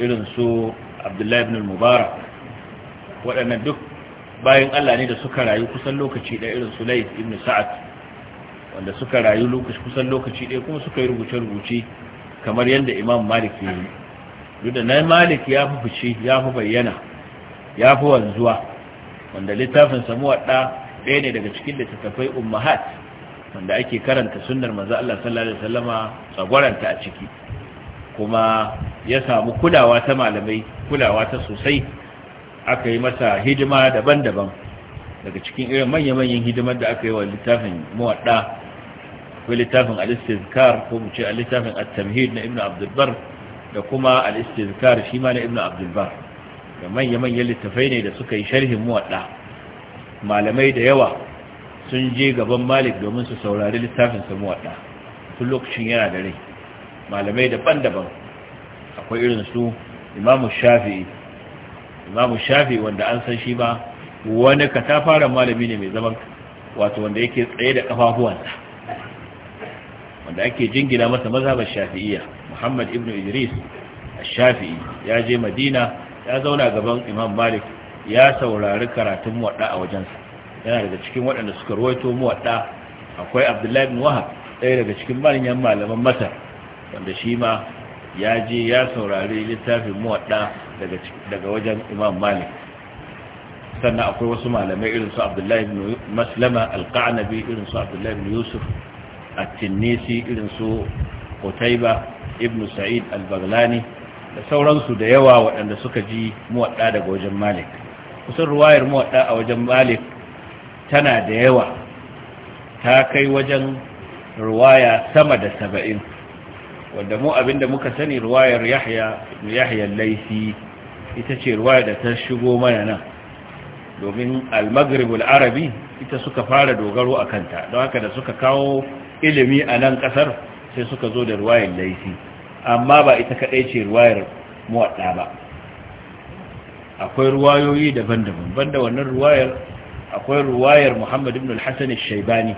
irin su abdullahi ibn mubarak waɗannan duk bayan Allah ne da suka rayu kusan lokaci ɗaya irin su laif ibn sa'ad wanda suka rayu kusan lokaci ɗaya kuma suka yi rubuce-rubuce kamar yadda imam malik ya yi duk da na malik ya fi fice ya fi bayyana ya fi wanzuwa wanda littafin samuwa ɗa ɗaya ne daga cikin littattafai ummahat wanda ake karanta sunnar manzo Allah sallallahu alaihi wasallama tsagwaranta a ciki kuma ya samu kulawa ta malamai kulawa ta sosai aka yi masa hidima daban-daban daga cikin irin manya-manyan hidimar da aka yi wa littafin muwadda ko littafin al-istizkar ko mu ce littafin at-tamhid na ibnu abdul bar da kuma al-istizkar shi ma na ibnu abdul bar da manya-manyan littafai ne da suka yi sharhin muwadda malamai da yawa sun je gaban malik domin su saurari littafin samu waɗa tun lokacin yana da rai malamai daban-daban akwai irin su imamu shafi'i imamu shafi'i wanda an san shi ba wani ka ta fara malami ne mai zaman wato wanda yake tsaye da kafafuwansa wanda ake jingina masa mazhabar shafi'iyya muhammad ibn idris shafi'i ya je madina ya zauna gaban imam malik ya saurari karatun waɗa a wajensa yana daga cikin waɗanda suka ruwaito muwadda akwai abdullahi bin wahab ɗaya daga cikin manyan malaman masar wanda shi ma ya je ya saurari littafin muwadda daga wajen imam malik sannan akwai wasu malamai irin su abdullahi bin maslama alƙa'anabi irin su abdullahi bin yusuf a tinnisi irin su Kotaiba ibn sa'id al-baghlani da sauransu da yawa waɗanda suka ji muwadda daga wajen malik kusan ruwayar muwadda a wajen malik tana da yawa ta kai wajen ruwaya sama da saba'in wanda mu abinda muka sani ruwayar yahya yahya laifi ita ce ruwaya da ta shigo mana nan domin al-maghrib al-arabi ita suka fara dogaro a kanta don haka da suka kawo ilimi a nan kasar sai suka zo da ruwayar laifi amma ba ita kadai ce ruwayar muwadda ba akwai ruwayoyi daban-daban banda wannan ruwayar akwai ruwayar muhammad ibn al-hassan shaibani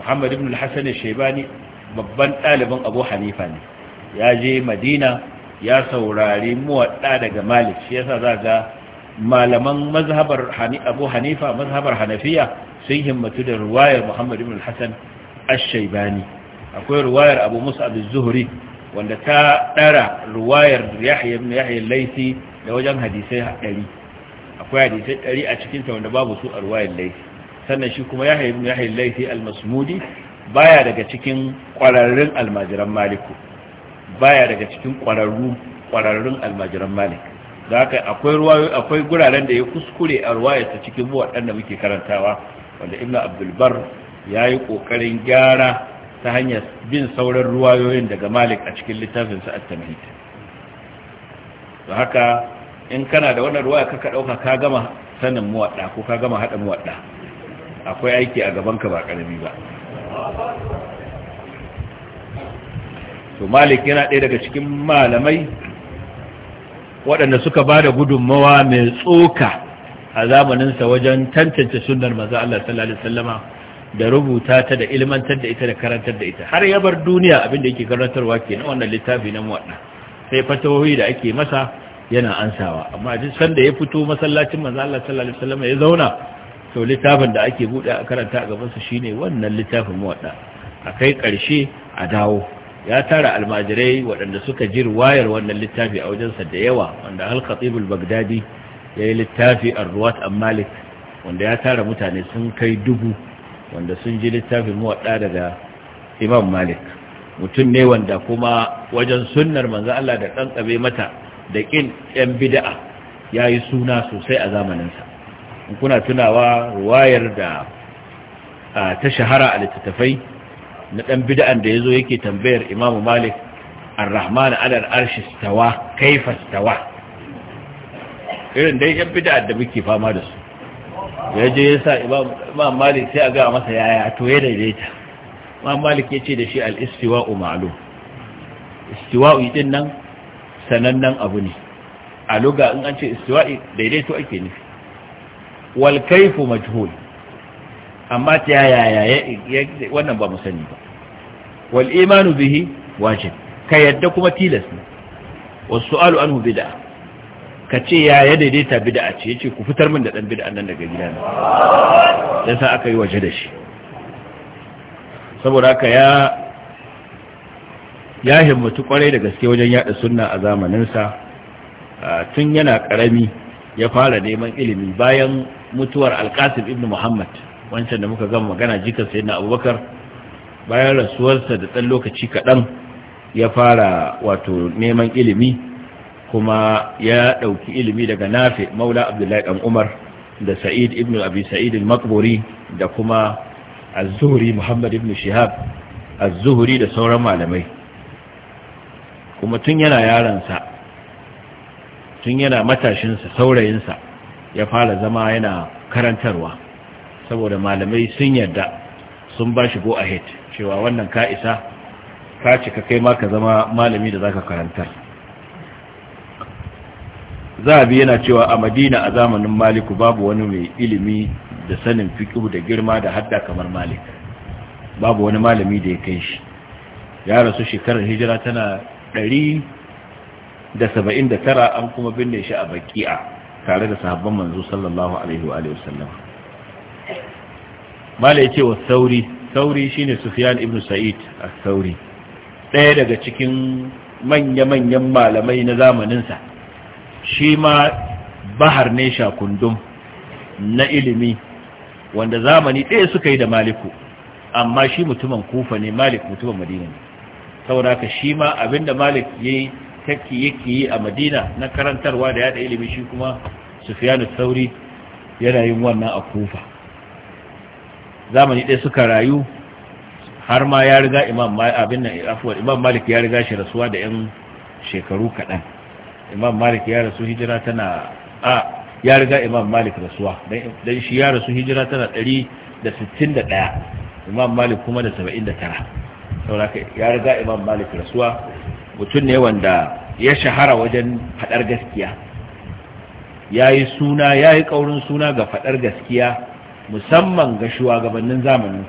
muhammad ibn al-hassan shaibani babban ɗaliban abu hanifa ne ya je madina ya saurari muwaɗa daga malik shi yasa za ga malaman mazhabar abu hanifa mazhabar hanafiya sun himmatu da ruwayar muhammad ibn al-hassan shaibani akwai ruwayar abu musa zuhri wanda ta ɗara ruwayar yahya ibn yahya da wajen hadisai haɗari. akwai hadisai ɗari a cikinta wanda babu su a ruwayin laifi sannan shi kuma ya haibu ya haibu laifi almasmudi baya daga cikin ƙwararrun almajiran maliku baya daga cikin ƙwararru ƙwararrun almajiran malik da haka akwai ruwayo akwai guraren da ya kuskure a ta cikin da muke karantawa wanda ibnu abdulbar ya yi ƙoƙarin gyara ta hanyar bin sauran ruwayoyin daga malik a cikin littafinsa at-tamhid haka in kana da wannan ruwa ka ɗauka ka gama sanin muwaɗa ko ka gama haɗa muwaɗa akwai aiki a gaban ka ba karami ba to malik yana ɗaya daga cikin malamai waɗanda suka ba da gudunmawa mai tsoka a zamaninsa wajen tantance sunnar maza Allah sallallahu Alaihi wasallama da rubuta ta da ilmantar da ita da karantar da ita har ya bar duniya abin da yake karantarwa ke na wannan littafi na muwadda, sai fatawoyi da ake masa yana ansawa amma duk sanda ya fito masallacin manzo Allah sallallahu alaihi wasallam ya zauna to littafin da ake bude a karanta a gaban sa shine wannan littafin muwadda akai karshe a dawo ya tara almajirai waɗanda suka ji riwayar wannan littafi a wajensa da yawa wanda al-khatib al-baghdadi yayi littafi ar-ruwat al-malik wanda ya tara mutane sun kai dubu wanda sun ji littafin muwadda daga imam malik mutum ne wanda kuma wajen sunnar manzo Allah da dan kabe mata da ƙin ‘yan bida'a ya yi suna sosai a zamaninsa in kuna tunawa ruwayar da ta shahara a littattafai na ɗan bida'an da ya zo yake tambayar imamu malik ar-rahman alar arshi stawa kaifa stawa irin dai ‘yan bida'a da muke fama da su ya je ya sa imam malik sai a ga masa yaya to ya daidaita imamu malik ya ce da shi al-istiwa'u ma'lum istiwa'u din nan sanannen abu ne a luga in an ce istiwa'i daidaito ake nufi wal kaifu majhul amma ta yaya wannan ba mu sani ba wal imanu bihi wajib ka yadda kuma tilas ne wasu su'alu anhu bid'a ka ce yaya daidaita bid'a ce yace ku fitar min da dan bid'a nan daga gidana dan sa aka yi waje da shi saboda haka ya ya himmatu kwarai da gaske wajen yada sunna a zamaninsa tun yana karami ya fara neman ilimi bayan mutuwar alkasir ibn muhammad wancan da muka gama magana jikan na abubakar bayan rasuwarsa da ɗan lokaci kaɗan ya fara wato neman ilimi kuma ya ɗauki ilimi daga nafe maula abdullahi ɗan umar da sa'id ibn abi sa'id al-maqburi da kuma az-zuhri muhammad ibn shihab az-zuhri da sauran malamai kuma tun yana yaransa tun yana matashinsa saurayinsa ya fara zama yana karantarwa saboda malamai sun yarda sun ba shi go ahead cewa wannan ka isa ka cika kai ma ka zama malami da zaka karantar bi yana cewa a madina a zamanin maliku babu wani mai ilimi da sanin fiqh da girma da hadda kamar malik babu wani malami da ya kai shi ya rasu shekarar hijira tana Dari da saba'in da tara an kuma binne shi a baki'a tare da sahabban manzo sallallahu alaihi wa sallam mala ya ce wa sauri sauri shine sufyan ibn sa'id a sauri ɗaya daga cikin manya-manyan malamai na zamaninsa shi ma bahar ne shakundum na ilimi wanda zamani ɗaya suka yi da maliku amma shi mutumin kufa ne malik mutumin madina ne saboda ka shi ma abinda malik yayi takki yake yi a madina na karantarwa da yada ilimi shi kuma sufiyanu sauri yana yin wannan a kufa zamani ɗaya suka rayu har ma ya riga imam abin nan afuwar imam malik ya riga shi rasuwa da yan shekaru kaɗan imam malik ya rasu hijira tana a ya riga imam malik rasuwa don shi ya rasu hijira tana ɗari da da ɗaya, imam malik kuma da saba'in da tara. sauraka ya riga imam malik rasuwa mutum ne wanda ya shahara wajen faɗar gaskiya ya yi suna ya yi ƙaurin suna ga faɗar gaskiya musamman ga shugabannin zamanin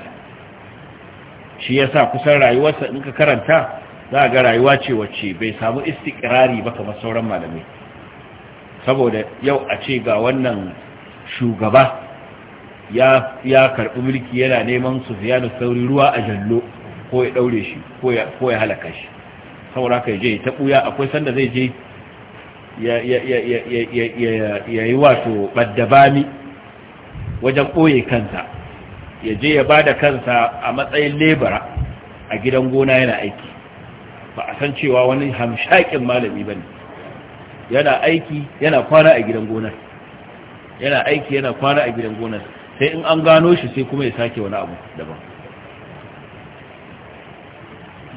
shi ya sa kusan rayuwarsa in ka karanta za a ga rayuwa ce wacce bai samu istikirari ba kamar sauran malamai saboda yau a ce ga wannan shugaba ya karɓi mulki yana neman su ziyarar sauri ruwa a jallo ko ya daure shi ko ya halaka shi saboda ka je ta buya akwai sanda zai je ya yi wato baddabami wajen ɓoye kansa ya je ya ba da kansa a matsayin lebara a gidan gona yana aiki ba a san cewa wani hamshakin malami ba ne yana aiki yana kwana a gidan gona yana aiki yana kwana a gidan gonar sai in an gano shi sai kuma ya sake wani abu daban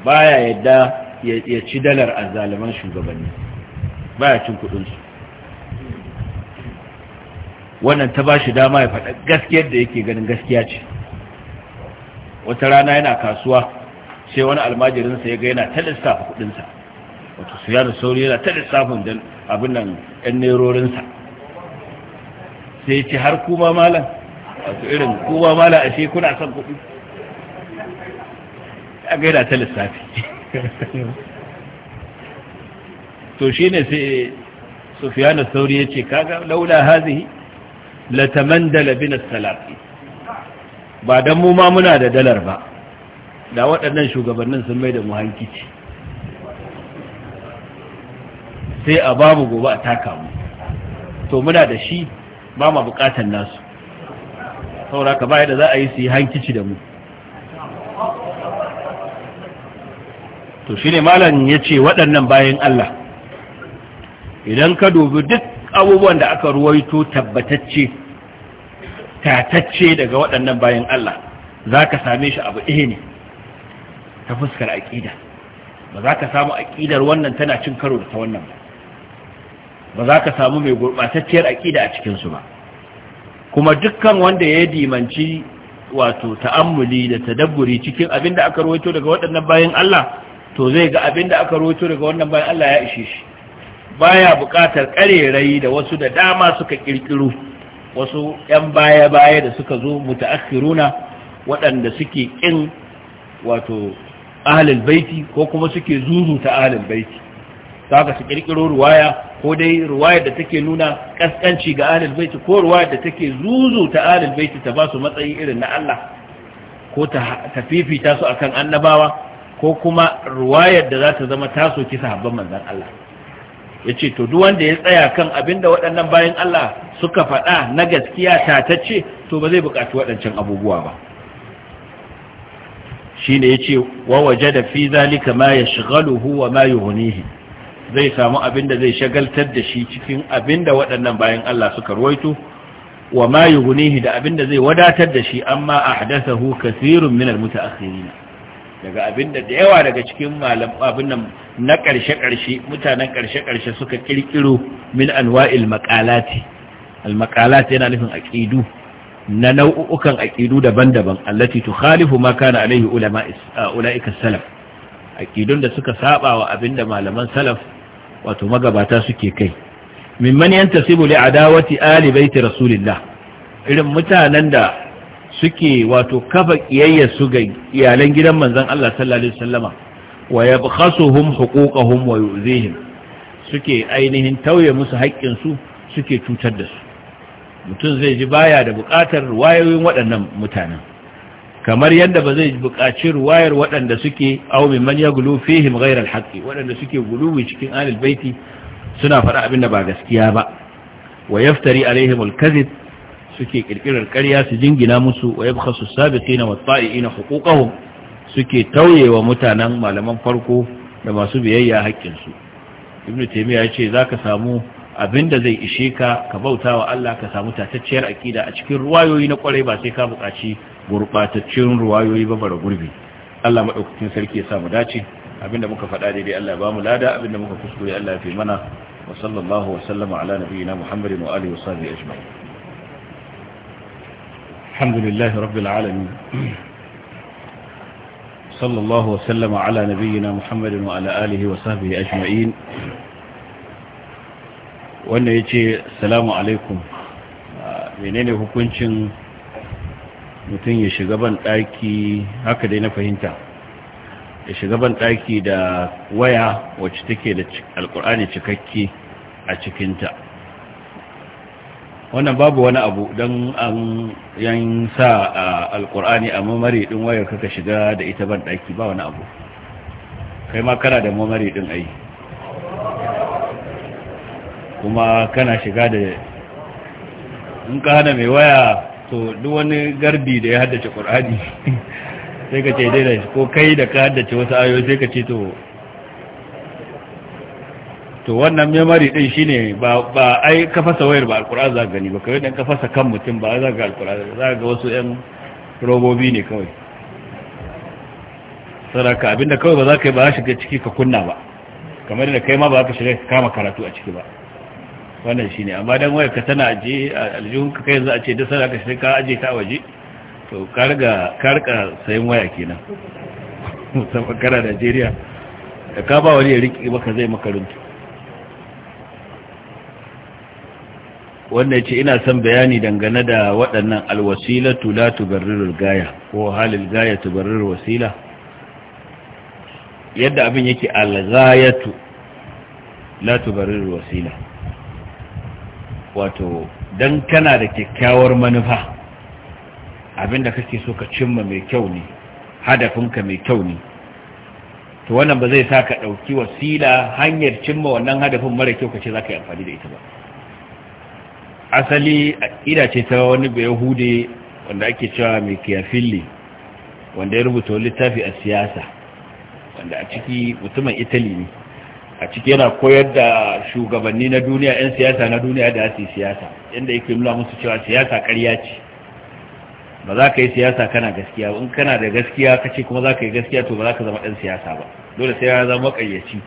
baya yadda ya ci dalar a zaliman shugabanni baya cin kudinsu wannan ta ba shi dama ya faɗa gaskiyar da yake ganin gaskiya ce wata rana yana kasuwa sai wani almajirinsa ya ga yana ta lissafa kudinsa wato su yana sauri yana ta lissafin abin nan yan nerorinsa sai ya ce har kuma malam wato irin kuma malam ashe kuna son kudi a gaida ta lissafi to shi ne sai sufiyanu sauri ya ce kaga laula hazihi latamandala bin salafi ba don mu ma muna da dalar ba da waɗannan shugabannin sun mai da mu hankici sai a babu gobe a taka mu to muna da shi ba ma bukatan nasu sauraka baya da za a yi su yi hankici da mu to shi ne malam ya ce waɗannan bayan Allah idan ka dubi duk abubuwan da aka ruwaito tabbatacce tatacce daga waɗannan bayan Allah za ka same shi abu ɗaya ne ta fuskar aƙida ba za ka samu aƙidar wannan tana cin karo da ta wannan ba ba za ka samu mai gurɓatacciyar aƙida a cikinsu ba kuma dukkan wanda ya dimanci wato ta'ammuli da tadabburi cikin abin da aka ruwaito daga waɗannan bayan Allah to zai ga abin da aka roto daga wannan bayan Allah ya ishe shi baya buƙatar karerai da wasu da dama suka ƙirƙiro wasu 'yan baya-baya da suka zo mutaakhiruna waɗanda suke ƙin wato ahlul baiti ko kuma suke zuzuta ahlul baiti saka su kirkiro ruwaya ko dai ruwayar da take nuna kaskanci ga ahlul baiti ko ruwayar da take zuzuta ahlul baiti ta ba su matsayi irin na Allah ko ta fifita su akan annabawa ko kuma ruwayar da za ta zama taso ki sahabban manzon Allah ya ce to duk wanda ya tsaya kan abinda waɗannan bayan Allah suka faɗa na gaskiya ta ce, to ba zai buƙaci waɗancan abubuwa ba shi ne ya ce wa waje da fi zalika ma ya shigaluhu wa ma yuhunihi zai samu abinda zai shagaltar da shi cikin abinda waɗannan bayan Allah suka ruwaito wa ma yuhunihi da abinda zai wadatar da shi amma ahdathahu kathirun min al-mutaakhirin daga abinda da yawa daga cikin malam abin nan na ƙarshe-ƙarshe mutanen ƙarshe-ƙarshe suka ƙirƙiro min anwa'il maqalati al maqalat yana nufin aqidu na nau'ukan aqidu daban-daban allati tukhalifu ma kana alaihi ulama ulaika salaf aqidun da suka saba wa abinda malaman salaf wato magabata suke kai mimman yantasibu li adawati ali baiti rasulillah irin mutanen da suke wato kafa kiyayyar su ga iyalan gidan manzon Allah sallallahu alaihi wasallama wa yabkhasuhum huquqahum wa yu'zihim suke ainihin tauye musu haƙƙin su suke cutar da su mutum zai ji baya da buƙatar wayoyin waɗannan mutanen kamar yadda ba zai buƙaci ruwayar waɗanda suke aw min man yaghlu fihim ghayra al-haqqi waɗanda suke guluwi cikin ahlul baiti suna faɗa abin da ba gaskiya ba wa yaftari alaihim al-kadhib suke kirkirar ƙarya su jingina musu wa yabkhasu na wa ta'iina huquqahum suke wa mutanen malaman farko da masu biyayya Ibn su ibnu ce, za zaka samu abin da zai ishe ka ka bauta wa Allah ka samu tatacciyar akida a cikin ruwayoyi na kwarai ba sai ka buƙaci gurbataccen ruwayoyi ba bara gurbi Allah madaukakin sarki ya sa mu dace abinda muka faɗa daidai Allah ya ba mu lada da muka kuskure Allah ya fi mana وصلى الله وسلم muhammadin نبينا محمد وآله وصحبه أجمعين الحمد لله رب العالمين صلى الله وسلم على نبينا محمد وعلى آله وصحبه أجمعين ya ce salamu alaikum menene hukuncin mutum ya shiga ban ɗaki haka dai na fahimta ya shiga ban ɗaki da waya wacce take da alkur'ani cikakke a cikinta wannan babu wani abu don an yan sa alkur'ani a mamari din wayar kaka shiga da ita ban daki ba wani abu kai ma kana da mamari din ai kuma kana shiga da in ka hana mai waya to duk wani gardi da ya haddace qur'ani sai ka ce dai da ko kai da ka haddace wasu ayoyi sai ka ce to to wannan memory din shine ba ba ai ka fasa wayar ba alquran za gani ba kai dan ka fasa kan mutum ba za ga alquran za ga wasu ɗan robobi ne kawai saraka abinda kawai ba za ka yi ba shiga ciki ka kunna ba kamar da kai ma ba za ka shiga ka kama karatu a ciki ba wannan shine amma dan wayar ka tana aje aljihun ka kai za a ce da saraka shi ka aje ta waje to ka riga ka riga sayin waya kenan musamman kana Najeriya da ka ba wani ya riƙe maka zai maka runtu wanda ya ce ina son bayani dangane da waɗannan alwasilatu la tubarrirul gaya ko halil gaya tubarrirul wasila yadda abin yake alghayatu la tubarrirul wasila wato don kana da kyakkyawar manufa abinda kake so ka cimma mai kyau ne hadafinka mai kyau ne to wannan ba zai sa ka ɗauki wasila hanyar cimma wannan hadafin mara kyau ka ce za ka yi amfani da ita ba asali aƙida ce ta wani bai hude wanda ake cewa mai kiyafili wanda ya rubuta littafi a siyasa wanda a ciki mutumin italy ne a ciki yana koyar da shugabanni na duniya 'yan siyasa na duniya da su siyasa inda yake nuna musu cewa siyasa karya ce ba za ka yi siyasa kana gaskiya in kana da gaskiya ka ce kuma za ka yi gaskiya to ba za ka zama ɗan siyasa ba dole sai ya zama ƙayyaci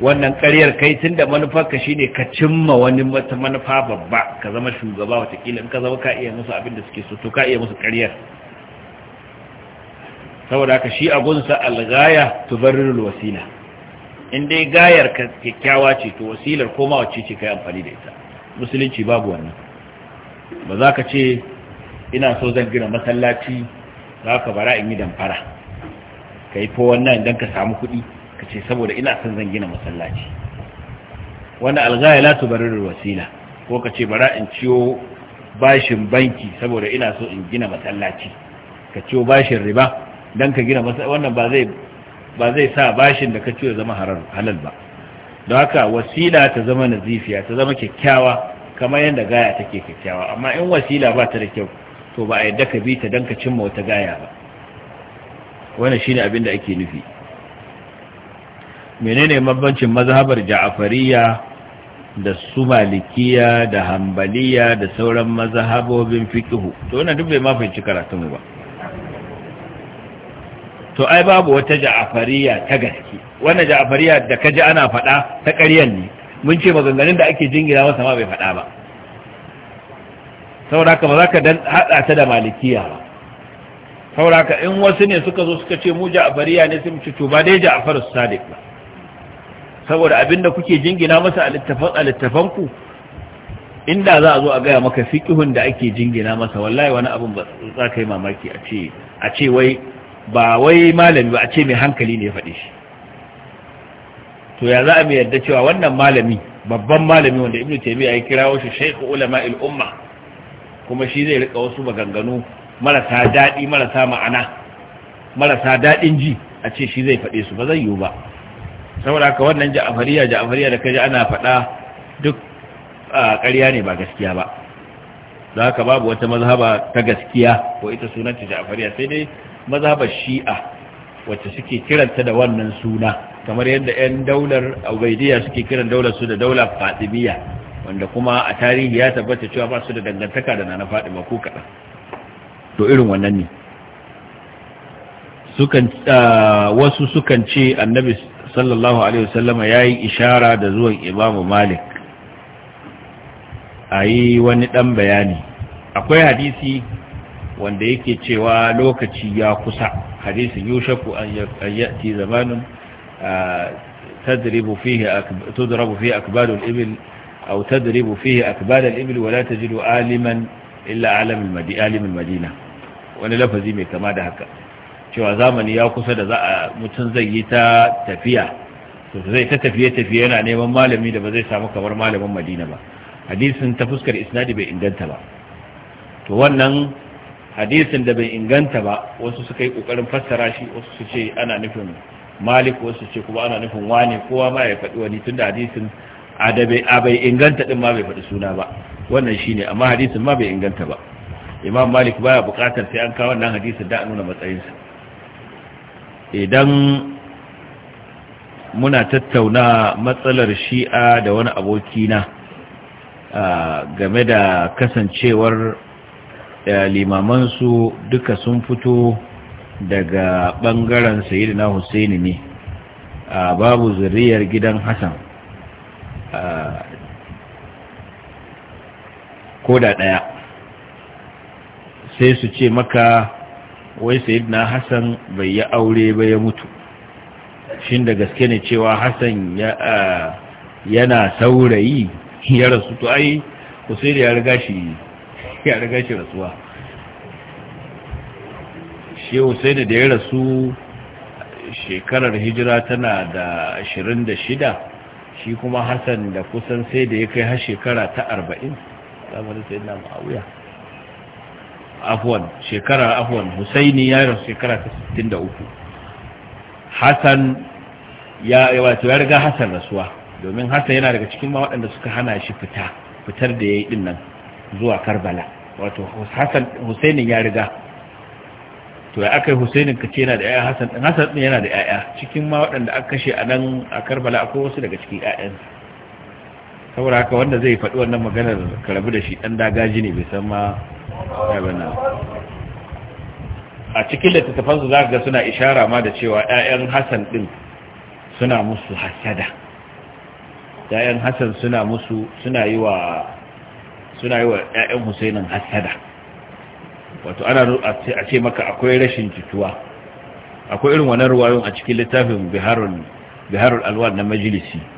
wannan ƙaryar kai tun da manufarka shi ne ka cimma wani manufa babba ka zama shugaba watakila in ka zama ka iya musu abin da suke so to ka iya musu ƙaryar. saboda haka shi a gunsa algaya tubarrul wasila in dai gayar ka kyakkyawa ce to wasilar koma wacce ce kai amfani da ita musulunci babu wannan ba za ka ce ina so zan gina masallaci za ka bara in yi damfara ka yi fo wannan idan ka samu kuɗi ka ce saboda ina son zan gina masallaci wanda algaya la tubarrir wasila ko ka ce bara in ciyo bashin banki saboda ina so in gina masallaci ka ciyo bashin riba dan ka gina masallaci wannan ba zai ba zai sa bashin da ka ciyo zama halal ba don haka wasila ta zama nazifiya ta zama kyakkyawa kamar yadda gaya take kyakkyawa amma in wasila ba ta da kyau to ba a yadda ka bi ta dan ka cimma wata gaya ba wannan shine abin da ake nufi menene mabbancin mazhabar ja'afariya da su malikiya da hambaliya da sauran mazhabobin fikihu to wannan duk bai mafi karatun ba to ai babu wata ja'afariya ta gaske wannan ja'afariya da kaji ana faɗa ta ƙaryan ne mun ce maganganun da ake jingina masa ma bai faɗa ba saboda ka ba za ka hada ta da malikiya ba saboda ka in wasu ne suka zo suka ce mu ja'afariya ne sun ci to ba dai ja'afar sadiq ba saboda abin da kuke jingina masa a littafanku inda za a zo a gaya maka fiƙihun da ake jingina masa wallahi wani abin ba za ka yi mamaki a ce wai ba wai malami ba a ce mai hankali ne ya faɗi shi to ya za a mai yadda cewa wannan malami babban malami wanda ibnu taymiya ya kirawo shi shaykhu ulama al kuma shi zai rika wasu maganganu marasa daɗi marasa ma'ana marasa daɗin ji a ce shi zai faɗe su ba zai yiwu ba saboda ka wannan ja'afariya ja'afariya da kaji ana faɗa duk a ƙarya ne ba gaskiya ba za ka babu wata mazhaba ta gaskiya ko ita sunanta ja'afariya sai dai mazhabar shi'a wacce suke kiranta da wannan suna kamar yadda 'yan daular ubaidiyya suke kiran daular su da daular fatimiyya wanda kuma a tarihi ya tabbata cewa ba su da dangantaka da nana fatima ko kaɗan to irin wannan ne wasu sukan ce annabi sallallahu alaihi wasallama yi ishara da zuwan Imam Malik ayi wani dan bayani akwai hadisi wanda yake cewa lokaci ya kusa Hadisi yushaku an yati zamanun تدرب فيه أكب... تضرب فيه أكباد الإبل أو تدرب فيه أكباد الإبل ولا تجد عالما إلا عالم المدينة عالم المدينة وأنا cewa zamani ya kusa da za a mutum zai yi ta tafiya to zai ta tafiye tafiye yana neman malami da ba zai samu kamar malamin madina ba hadisin ta fuskar isnadi bai inganta ba to wannan hadisin da bai inganta ba wasu suka yi kokarin fassara shi wasu su ce ana nufin malik wasu ce kuma ana nufin wani kowa ma ya faɗi wani tunda hadisin a bai inganta din ma bai faɗi suna ba wannan shine amma hadisin ma bai inganta ba imam malik baya buƙatar sai an kawo wannan hadisin da nuna matsayinsa idan muna tattauna matsalar shi'a da wani abokina game da kasancewar e, limamansu duka sun fito daga ɓangaren sayidina husaini ne a babu zuriyar gidan hassan ko da ɗaya sai su ce maka wai na Hassan bai yi aure ba ya mutu shin da gaske ne cewa Hassan yana saurayi ya rasu to ai ku ya riga ya riga shi rasuwa shi sai da ya rasu shekarar hijira tana da 26 shi kuma Hassan da kusan sai da ya kai har shekara ta 40 zamanin na Muawiya afwan shekara afwan husaini ya rasu shekara ta 63 hasan ya wato ya riga hasan rasuwa domin hasan yana daga cikin ma waɗanda suka hana shi fita fitar da yayi ɗin nan zuwa karbala wato husainin ya riga to ya aka yi husainin ka ce yana da 'ya'ya hasan ɗin hasan yana da 'ya'ya cikin ma waɗanda aka kashe a nan a karbala akwai wasu daga cikin ƴaƴansa saboda haka wanda zai faɗi wannan maganar karabu da shi ɗan dagaji ne bai san ma yabana a cikin littattafansu za ga suna ishara ma da cewa 'ya'yan hassan ɗin suna musu hasada 'ya'yan hassan suna musu suna yi wa suna yi wa 'ya'yan husainin hasada wato ana a ce maka akwai rashin jituwa akwai irin wannan ruwayon a cikin littafin biharul alwar na majalisi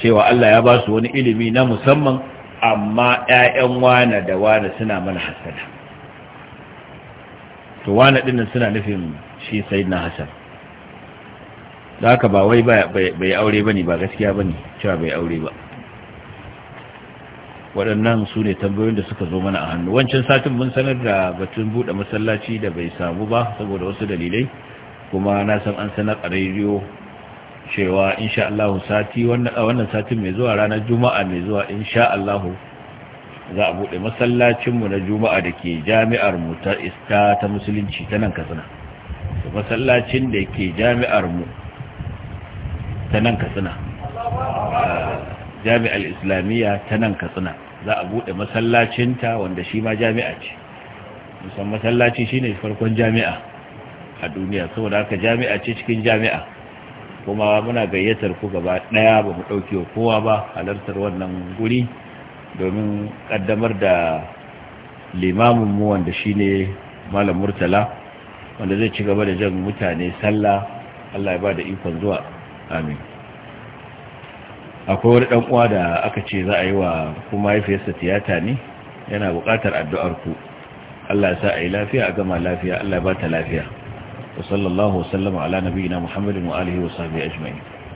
cewa Allah ya ba su wani ilimi na musamman amma ‘ya'yan wana da wana suna mana hasada to wana ɗinnan suna nufin shi sai na hasar da haka ba wai bai aure ba ne ba gaskiya ba ne cewa bai aure ba waɗannan su ne tambayoyin da suka zo mana a hannu wancan satin mun sanar da batun buɗe masallaci da bai samu ba saboda wasu dalilai kuma na san an sanar a rediyo cewa insha Allah sati wannan satin mai zuwa ranar juma'a mai zuwa insha Allah za a buɗe masallacinmu na juma'a da ke jami'ar mu ta ista ta musulunci ta nan katsina masallacin da ke jami'ar mu ta nan katsina jami'ar islamiyya ta nan katsina za a buɗe masallacinta wanda shi ma jami'a ce musamman masallaci shine farkon jami'a a duniya saboda haka jami'a ce cikin jami'a kuma muna gayyatar ku gaba ɗaya ba mu ɗauke kowa ba halartar wannan guri domin ƙaddamar da limamin mu wanda shine malam murtala wanda zai ci gaba da jan mutane sallah Allah ya ba da ikon zuwa amin akwai wani ɗan uwa da aka ce za a yi wa kuma haifiyarsa tiyata ne yana buƙatar addu'ar ku Allah ya sa a yi lafiya a gama lafiya Allah ya ba ta lafiya وصلى الله وسلم على نبينا محمد وآله وصحبه أجمعين